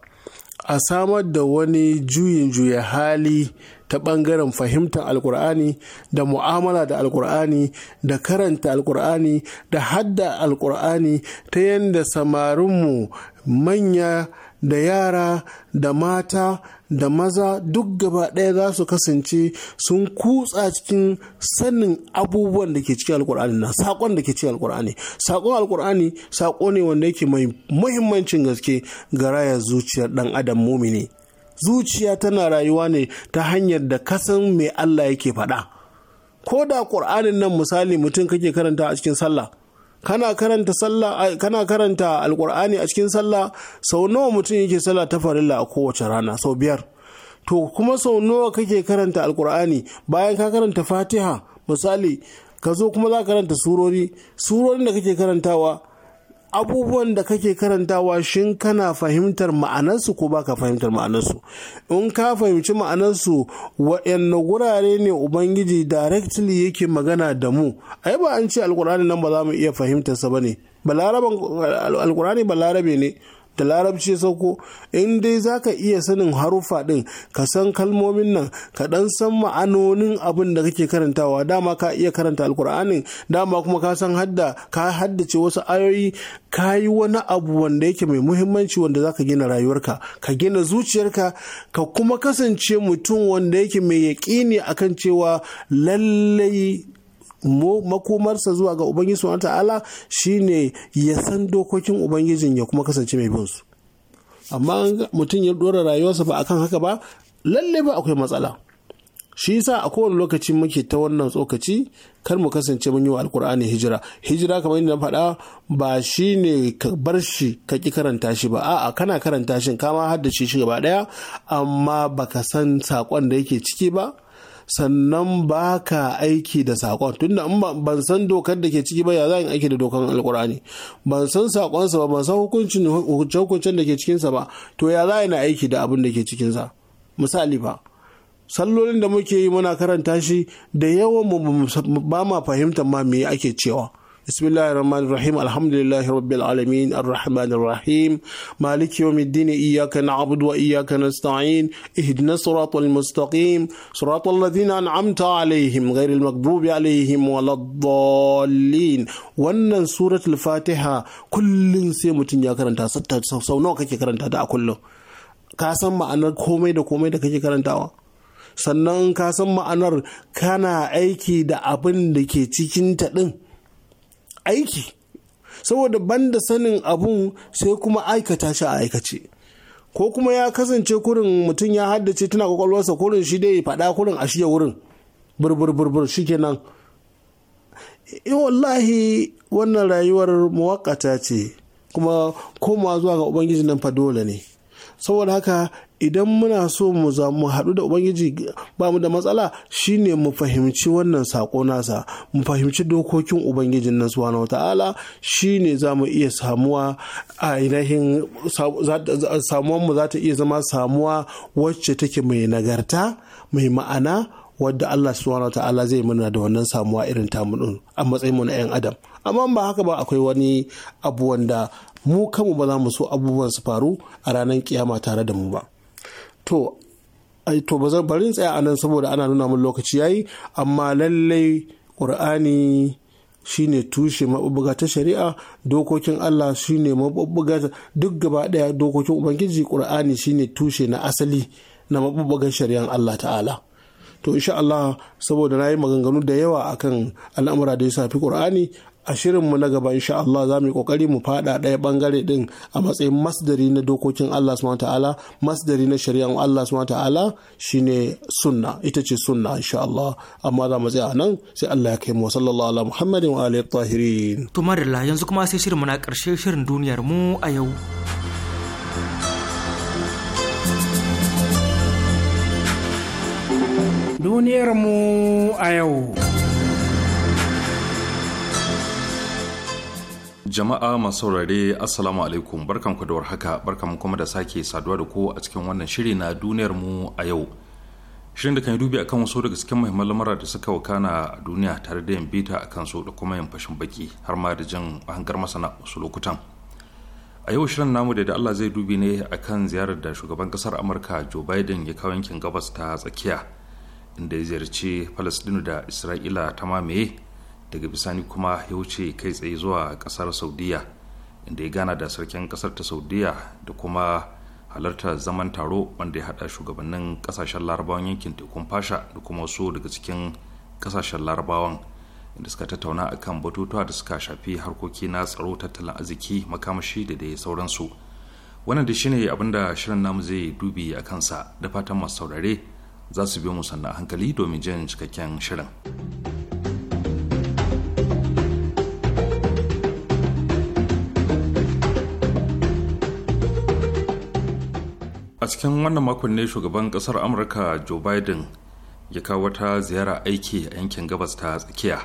a samar da wani juyin juya hali ta ɓangaren fahimtar alkur'ani da mu'amala da alkur'ani da karanta alkur'ani da hadda alkur'ani ta yadda samarinmu manya da yara da mata da maza duk gaba ɗaya za su kasance sun kutsa cikin sanin abubuwan da ke cikin alkur'ani na saƙon da ke cikin alkur'ani saƙon alkur'ani saƙo ne wanda yake mai muhimmancin gaske ga rayar zuciyar ɗan adam mumini zuciya tana rayuwa ne ta hanyar da kasan mai allah yake faɗa ko da ƙur'anin nan misali mutum kake karanta a cikin sallah kana karanta sallah kana karanta alkur'ani a cikin sallah sau nawa mutum yake sallah ta farilla a kowace rana sau biyar to kuma sau nawa kake karanta alkur'ani bayan ka karanta fatiha misali ka zo kuma za ka karanta surori surorin da kake karantawa abubuwan da kake karantawa shin kana fahimtar ma'anarsu ko baka fahimtar ma'anarsu in ka fahimci ma'anarsu waɗanne wurare ne ubangiji directly yake magana da mu ai ba an ce alkur'ani nan ba za mu iya fahimtarsa ba ne balarabe ne da larabci ya sauko in dai za ka iya sanin haruffa ɗin ka san kalmomin nan ka ɗan san ma'anonin abin da kake karantawa dama ka iya karanta alkur'anin dama kuma ka san hadda ka haddace wasu ayoyi ka yi wani abu wanda yake mai muhimmanci wanda za ka gina rayuwarka ka gina zuciyarka ka kuma kasance mutum wanda yake mai yaƙini akan cewa lallai makomarsa zuwa ga ubangiji subhanahu ta'ala shine ya san dokokin ubangijin ya kuma kasance mai bin su amma mutum ya dora rayuwarsa ba akan haka ba lalle ba akwai matsala shi yasa a kowane lokaci muke ta wannan tsokaci kar mu kasance mun yi wa alkur'ani hijira hijira kamar yadda na faɗa ba shi ne ka bar shi ka ki karanta shi ba a'a kana karanta shi kama har da shi gaba ɗaya amma baka san sakon da yake ciki ba sannan ba ka aiki da saƙon tunda in ban san dokar da ke ciki ba ya za in aiki da dokar alkur'ani ban san saƙonsa ba ban san hukuncin da ke cikinsa ba to ya za na aiki da abin da ke cikinsa misali ba sallolin da muke yi muna karanta shi da yawan mu ba ma fahimtar ma me ake cewa بسم الله الرحمن الرحيم الحمد لله رب العالمين الرحمن الرحيم مالك يوم الدين إياك نعبد وإياك نستعين اهدنا الصراط المستقيم صراط الذين أنعمت عليهم غير المغضوب عليهم ولا الضالين wannan suratul fatiha kullum sai mutum ya karanta sau nawa kake karanta a kullum ka san ma'anar komai da komai da kake karantawa sannan ka san ma'anar kana aiki da abin da ke cikin ta aiki saboda banda sanin abun sai kuma aikata shi a aikace ko kuma ya kasance kurin mutum ya haddace tana kwakwalwarsa kurin shi dai faɗa kurin a shiya wurin burbur shi shikenan in wallahi wannan rayuwar muwakkata ce kuma komawa zuwa ga ubangiji nan fa dole ne saboda haka idan muna so mu mu haɗu da ubangiji ba mu da matsala shine mu fahimci wannan sako nasa mu fahimci dokokin ubangijin nan subhanahu wata'ala shine za mu iya samuwa a ainihin samuwan mu za ta iya zama samuwa wacce take mai nagarta mai ma'ana wadda Allah subhanahu ta'ala zai muna da wannan samuwa irin tamu din a matsayin na 'yan adam amma ba haka ba akwai wani abu wanda mu kanmu ba za mu so abubuwan su faru a ranar kiyama tare da mu ba to to ba barin tsaya a nan saboda ana nuna min lokaci yayi amma lallai ƙur'ani shine tushe maɓuɓɓuga ta shari'a dokokin Allah shine maɓuɓɓuga duk gaba ɗaya dokokin ubangiji ƙur'ani shine tushe na asali na maɓuɓɓugan shari'an Allah ta'ala to insha Allah saboda na yi maganganu da yawa akan al'amura da ya safi ƙur'ani a shirinmu na gaba insha Allah za mu yi kokari mu fada ɗaya bangare ɗin a matsayin masdari na dokokin Allah subhanahu ta'ala masdari na shari'an Allah subhanahu ta'ala shine sunna ita ce sunna insha Allah amma za mu tsaya nan sai Allah ya kai mu sallallahu ala muhammadin wa alihi tahirin to madalla yanzu kuma sai shirinmu na karshe shirin duniyar mu a yau duniyar mu a yau Jama'a masu saurare Assalamu alaikum ku da warhaka mu kuma da sake saduwa da ku a cikin wannan shiri na duniyar mu a yau. Shirin da kan yi dubi akan wasu daga cikin muhimman lamura da suka wakana a duniya tare da yin bita akan su da kuma yin fashin baki har ma da jin hangar masana wasu lokutan. A yau shirin namu da Allah zai dubi ne akan ziyarar da shugaban kasar Amurka Joe Biden ya kawo yankin gabas ta tsakiya inda ya ziyarci falastinu da Isra'ila ta mamaye daga bisani kuma ya wuce kai tsaye zuwa kasar saudiya inda ya gana da sarkin kasar ta saudiya da kuma halarta zaman taro wanda ya hada shugabannin kasashen larabawan yankin tekun fasha da kuma wasu daga cikin kasashen larabawan inda suka tattauna akan batutuwa da suka shafi harkoki na tsaro tattalin arziki makamashi da dai sauransu wannan da shine abin da shirin namu zai dubi a kansa da fatan masu saurare za su biyo mu sannan hankali domin jin cikakken shirin. cikin wannan makon ne shugaban kasar amurka joe biden ya kawo wata ziyara aiki a yankin gabas ta tsakiya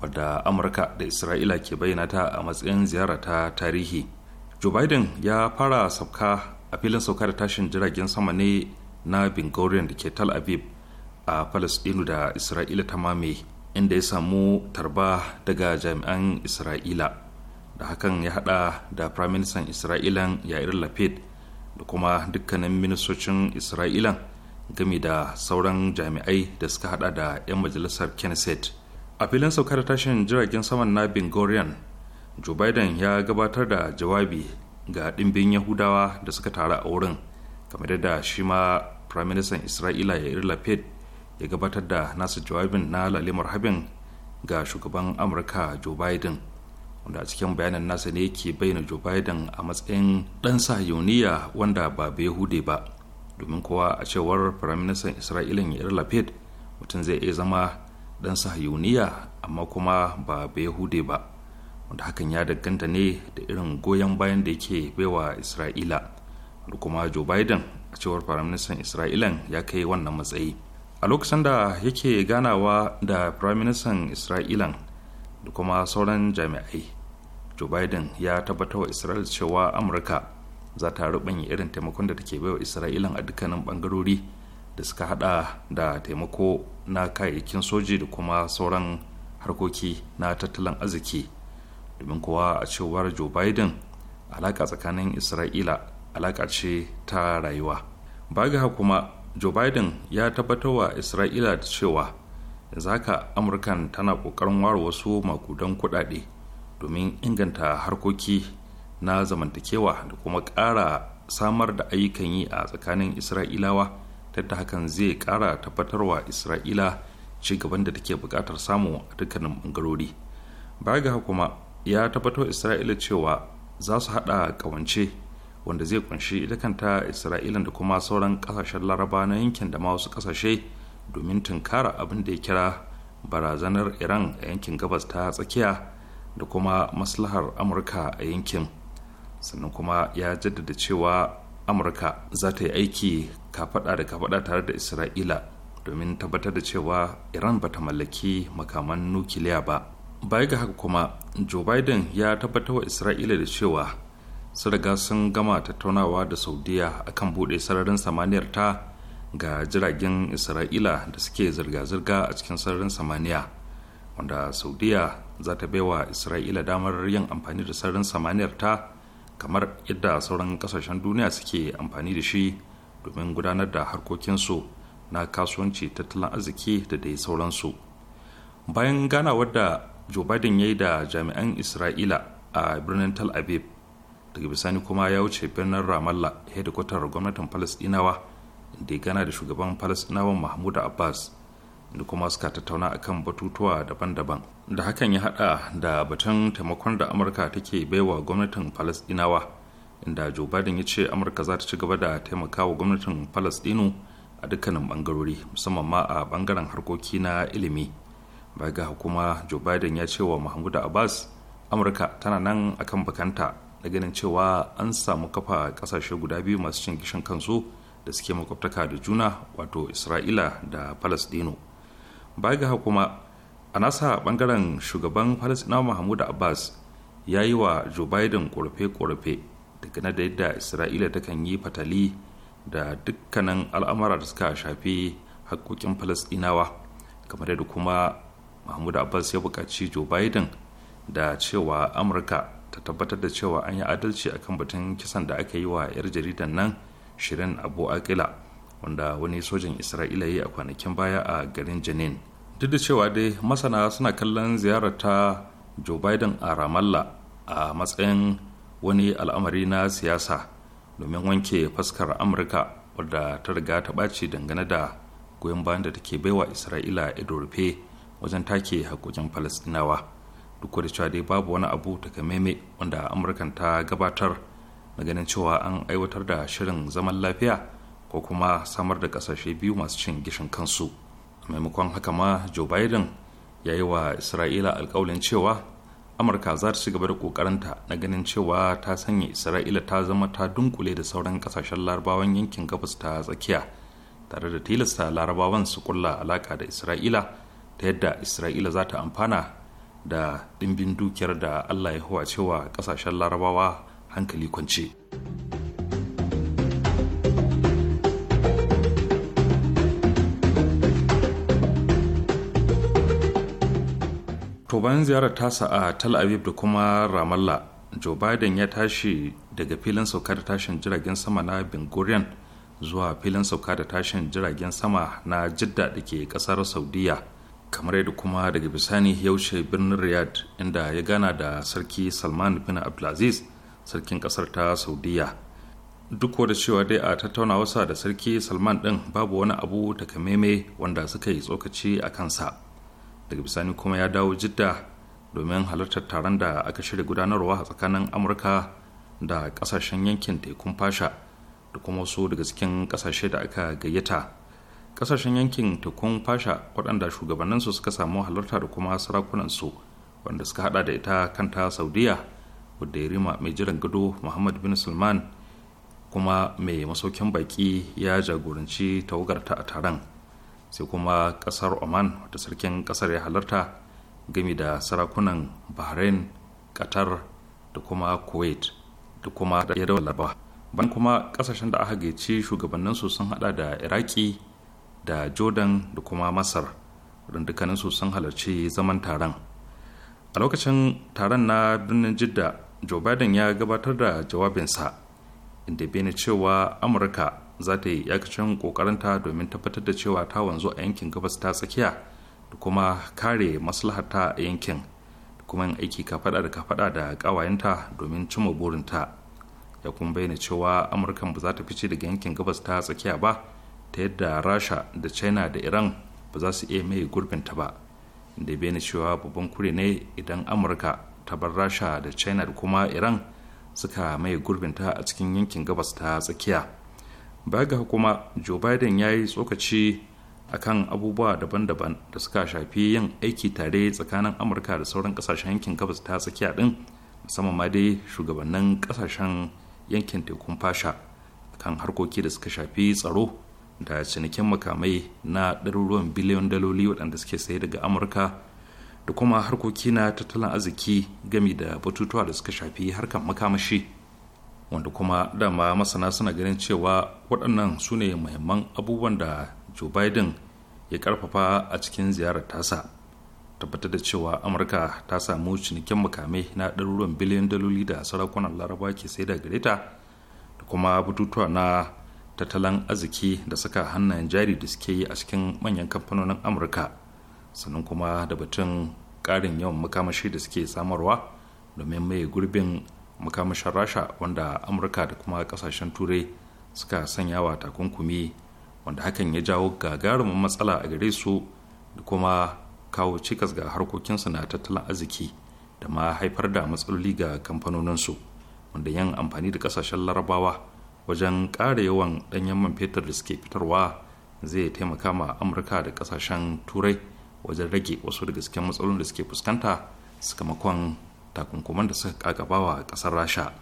wadda amurka da isra'ila ke bayyana ta a matsayin ziyara ta tarihi joe biden ya fara sauka a filin sauka da tashin jiragen sama ne na bingorian da ke tal aviv a palestinu da isra'ila ta mame inda ya samu tarba daga jami'an isra'ila da hakan ya hada da firaministan isra'ilan yair lapid da kuma dukkanin ministocin isra'ilan game da sauran jami'ai da suka hada da 'yan majalisar kenneset a filin saukar tashin jiragen saman na bingorian joe biden ya gabatar da jawabi ga ɗimbin yahudawa da suka taru a wurin kamar da shi ma firaministan isra'ila ya lapid ya gabatar da nasa jawabin na lalimar habin ga shugaban amurka joe biden wanda a cikin bayanin nasa ne ke bayyana joe biden a matsayin ɗan sahiyoniya wanda ba hude ba domin kowa a cewar firaministan isra'ila yair lapid mutum zai iya zama ɗan sahiyoniya amma kuma ba hude ba wanda hakan ya danganta ne da irin goyon bayan da yake baiwa isra'ila wanda kuma joe biden a cewar firaministan isra'ilan ya kai wannan matsayi a lokacin da yake ganawa da firaministan isra'ilan da kuma sauran jami'ai joe biden ya tabbatar wa isra'il cewa amurka za ta rubanya irin taimakon da take baiwa isra'ilan a dukkanin bangarori da suka hada da taimako na kayayyakin soji da kuma sauran harkoki na tattalin arziki domin kowa a cewar joe biden alaka tsakanin isra'ila alaka ce ta rayuwa baga kuma joe biden ya tabbatar wa isra'ila da cewa zaka amurkan tana kokarin ware wasu makudan kudade domin inganta harkoki na zamantakewa da kuma ƙara samar da ayyukan yi a tsakanin isra'ilawa ta hakan zai ƙara tabbatarwa isra'ila ci gaban da take buƙatar samu a dukkanin ɓangarori baya ga kuma ya tabbatar isra'ila cewa za su haɗa ƙawance wanda zai kunshi ita kanta isra'ilan da kuma sauran ƙasashen laraba na yankin da ma wasu ƙasashe domin tunkara abin da ya kira barazanar iran a yankin gabas ta tsakiya da kuma maslahar amurka a yankin sannan kuma ya jaddada cewa amurka za ta yi aiki kafaɗa da kafaɗa tare da isra'ila domin tabbatar da cewa iran ba ta mallaki makaman nukiliya ba baya ga haka kuma joe biden ya tabbatar wa isra'ila da cewa sun riga sun gama tattaunawa da saudiya akan bude sararin samaniyar ta ga jiragen isra'ila da suke zirga-zirga a cikin sararin samaniya wanda saudiya za ta bai wa isra'ila damar yin amfani da sararin samaniyar ta kamar yadda sauran kasashen duniya suke amfani da shi domin gudanar da harkokinsu na kasuwanci tattalin arziki da dai sauransu bayan ganawar da joe biden ya yi da jami'an isra'ila a birnin Tal aviv daga bisani kuma ya wuce birnin ramallah hedikwatar gwamnatin palestinawa da gana da shugaban palestinawan mahmud abbas da kuma suka tattauna a kan batutuwa daban-daban da hakan ya hada da batun taimakon da amurka take baiwa gwamnatin falasdinawa inda joe biden ya ce amurka za ta ci gaba da taimakawa gwamnatin falasdinu a dukkanin bangarori musamman ma a bangaren harkoki na ilimi bai ga kuma joe biden ya ce wa mahmud abbas amurka tana nan akan bakanta da ganin cewa an samu kafa kasashe guda biyu masu cin gishin kansu da suke makwabtaka da juna wato isra'ila da palestino baya ga kuma a nasa bangaren shugaban falasina mahmud abbas ya yi wa joe biden korafe-korafe dangane da yadda isra'ila kan yi fatali da dukkanin al'amura da suka shafi haƙoƙin falasɗinawa kamar yadda kuma mahmud abbas ya buƙaci joe biden da cewa amurka ta tabbatar da cewa an yi adalci akan batun kisan da aka yi wa 'yar jaridan nan shirin abu akila wanda wani sojan isra'ila yi a kwanakin baya a garin janin duk da cewa dai masana suna kallon ziyarar ta joe biden a ramallah a matsayin wani al'amari na siyasa domin wanke fuskar amurka wadda ta riga ta ɓaci dangane da goyon bayan da take baiwa isra'ila ido rufe wajen take hakokin falastinawa duk da cewa dai babu wani abu meme wanda amurkan ta gabatar na ganin cewa an aiwatar da shirin zaman lafiya ko kuma samar da kasashe biyu masu cin gishin kansu maimakon haka ma joe biden ya yi wa isra'ila alkawalin cewa amurka za ta ci gaba da kokarinta na ganin cewa ta sanya isra'ila ta zama ta dunkule da sauran kasashen larabawan yankin gabas ta tsakiya tare da tilasta larabawan su kulla alaka da isra'ila ta yadda isra'ila za ta amfana da dimbin dukiyar da allah ya cewa kasashen larabawa hankali kwance. bayan ziyarar tasa a tel aviv da kuma ramallah joe biden ya tashi daga filin sauka da tashin jiragen sama na ben zuwa filin sauka da tashin jiragen sama na jidda da ke kasar saudiya kamar yadda kuma daga bisani ya wuce birnin riyadh inda ya gana da sarki salman bin abdulaziz sarkin kasar ta saudiya duk da cewa dai a tattaunawarsa da sarki salman din babu wani abu takamaimai wanda suka yi tsokaci a kansa daga bisani kuma ya dawo jidda domin halartar taron da aka shirya gudanarwa a tsakanin amurka da kasashen yankin tekun fasha da kuma wasu daga cikin kasashe da aka gayyata kasashen yankin tekun fasha waɗanda shugabanninsu suka samu halarta da kuma sarakunansu wanda suka hada da ita kanta saudiya wadda ya rima mai jiran gado muhammad bin salman kuma mai masaukin baki ya jagoranci tawagarta a taron sai kuma kasar oman wata sarkin kasar ya halarta gami da sarakunan bahrain qatar da kuma kuwait da kuma da yadda larabawa bayan kuma kasashen da aka gaici su sun hada da iraki da jordan da kuma masar su sun halarci zaman taron a lokacin taron na birnin jidda joe biden ya gabatar da jawabinsa inda bene cewa amurka za ta yi yakacin kokarinta domin tabbatar da cewa ta wanzu a yankin gabas ta tsakiya da kuma kare maslahata a yankin da kuma yin aiki ka fada da fada da kawayenta domin cimma burinta ya kuma bayyana cewa amurka ba za ta fice daga yankin gabas ta tsakiya ba ta yadda rasha da china da iran ba za su iya mai gurbinta ba da bayyana cewa babban kure ne idan amurka ta bar rasha da china da kuma iran suka mai gurbinta a cikin yankin gabas ta tsakiya baya ga kuma joe biden ya yi tsokaci a kan abubuwa daban-daban da suka shafi yin aiki tare tsakanin amurka da sauran kasashen yankin gabas ta tsakiya din musamman ma dai shugabannin kasashen yankin tekun fasha kan harkoki da suka shafi tsaro da cinikin makamai na ɗaruruwan biliyon daloli waɗanda suke saye daga amurka da kuma harkoki na tattalin arziki gami da batutuwa da suka shafi harkar makamashi wanda kuma dama masana suna ganin cewa waɗannan su ne muhimman abubuwan da joe biden ya karfafa a cikin ziyarar tasa tabbatar da cewa amurka ta samu cinikin makamai na ɗaruruwan biliyan daloli da sarakunan laraba ke sai da gareta da kuma bututuwa na tattalin arziki da saka hannayen jari da suke yi a cikin manyan kamfanonin amurka sannan kuma da batun ƙarin yawan makamashi da suke samarwa domin mai gurbin makamashin rasha wanda amurka da kuma kasashen turai suka sanya wa takunkumi wanda hakan ya jawo gagarumin matsala a gare su da kuma kawo cikas ga harkokinsu na tattalin arziki da ma haifar da matsaloli ga kamfanoninsu wanda yan amfani da kasashen larabawa wajen ƙara yawan ɗanyen man fetur da suke fitarwa zai taimaka ma amurka da kasashen turai wajen rage wasu daga cikin matsalolin da suke fuskanta sakamakon takunkuman da suka kagabawa ƙasar rasha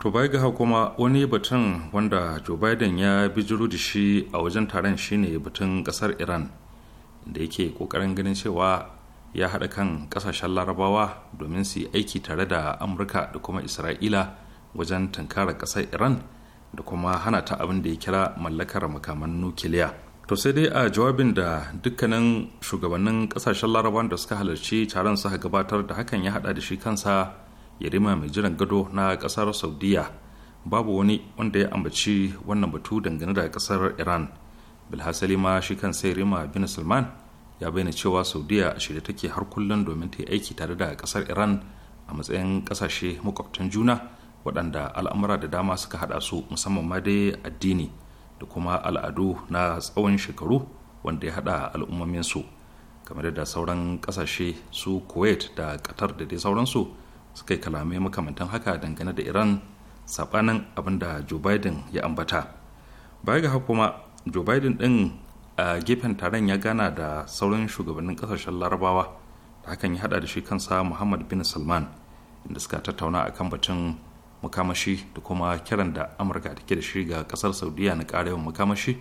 to bai ga kuma wani batun wanda joe biden ya bijiro da shi a wajen taron shine batun ƙasar iran da yake ƙoƙarin ganin cewa ya haɗa kan ƙasashen larabawa domin su yi aiki tare da amurka da kuma isra'ila wajen tankara ƙasar iran da kuma hana ta abin da ya kira mallakar makaman nukiliya. to sai dai a jawabin da dukkanin shugabannin kasashen laraban da suka halarci taron suka gabatar da hakan ya hada da shi kansa yarima mai jiran gado na kasar saudiya babu wani wanda ya ambaci wannan batu dangane da kasar iran bilhassali ma shi kan sai yarima bin salman ya bayyana cewa saudiya a shirye take har kullum domin ta yi aiki tare da kasar iran a matsayin kasashe makwabtan juna waɗanda al'amura da dama suka hada su musamman ma dai addini da kuma al'adu na tsawon shekaru wanda ya haɗa al'ummominsu kamar da sauran kasashe su kuwait da qatar da dai sauransu suka yi kalamai makamantan haka dangane da iran saɓanin abin da joe biden ya ambata baya ga kuma joe biden ɗin a gefen taron ya gana da sauran shugabannin ƙasashen larabawa da hakan ya haɗa da shi kansa muhammad bin salman inda suka tattauna akan batun makamashi da kuma kiran da amurka take da shi ga kasar saudiya na kara yawan makamashi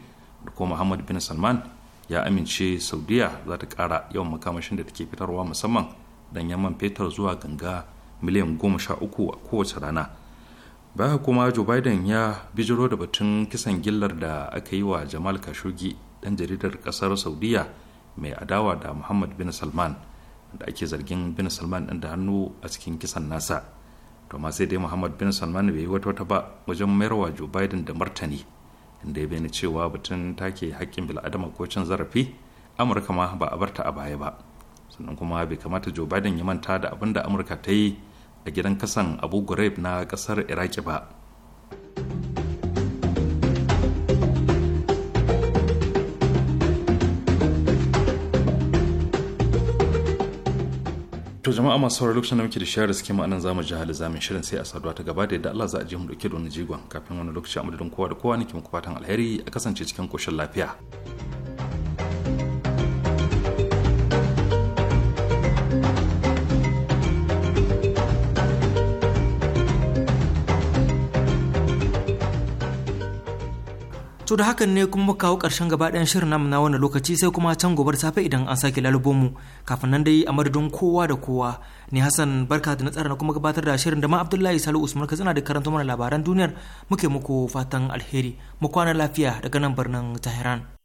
da kuma muhammad bin salman ya amince saudiya za ta ƙara yawan makamashin da take fitarwa musamman don yamman fetur zuwa ganga miliyan goma sha uku a kowace rana baya kuma joe biden ya bijiro da batun kisan gillar da aka yi wa jamal khashoggi dan jaridar kasar saudiya mai adawa da muhammad bin salman da ake zargin bin salman ɗin da hannu a cikin kisan nasa to ma sai dai muhammad bin salman bai yi wata wata ba wajen mayarwa joe biden da martani inda ya bayyana cewa batun take haƙƙin bil'adama ko cin zarafi amurka ma ba a barta a baya ba sannan kuma bai kamata joe biden ya manta da abin da amurka ta yi a gidan kasan abu ghraib na ƙasar iraki ba to jama'a masu sauraron lokacin da muke da shayar da suke ma'anan zamu ji hali zamin shirin sai a saduwa ta gaba da yadda Allah za a je mu dauke da wani jigon kafin wani lokaci a madadin kowa da kowa ke muku fatan alheri a kasance cikin koshin lafiya. To da hakan ne kuma kawo ƙarshen gaba ɗayan shirin namu na wannan lokaci sai kuma can gobar safe idan an sake lalubo mu kafin nan dai a madadin kowa da kowa ne Hassan barka da na kuma gabatar da shirin da ma Abdullahi Salu Usman Katsina da karanta mana labaran duniyar muke muku fatan alheri mu kwana lafiya daga nan birnin Tehran.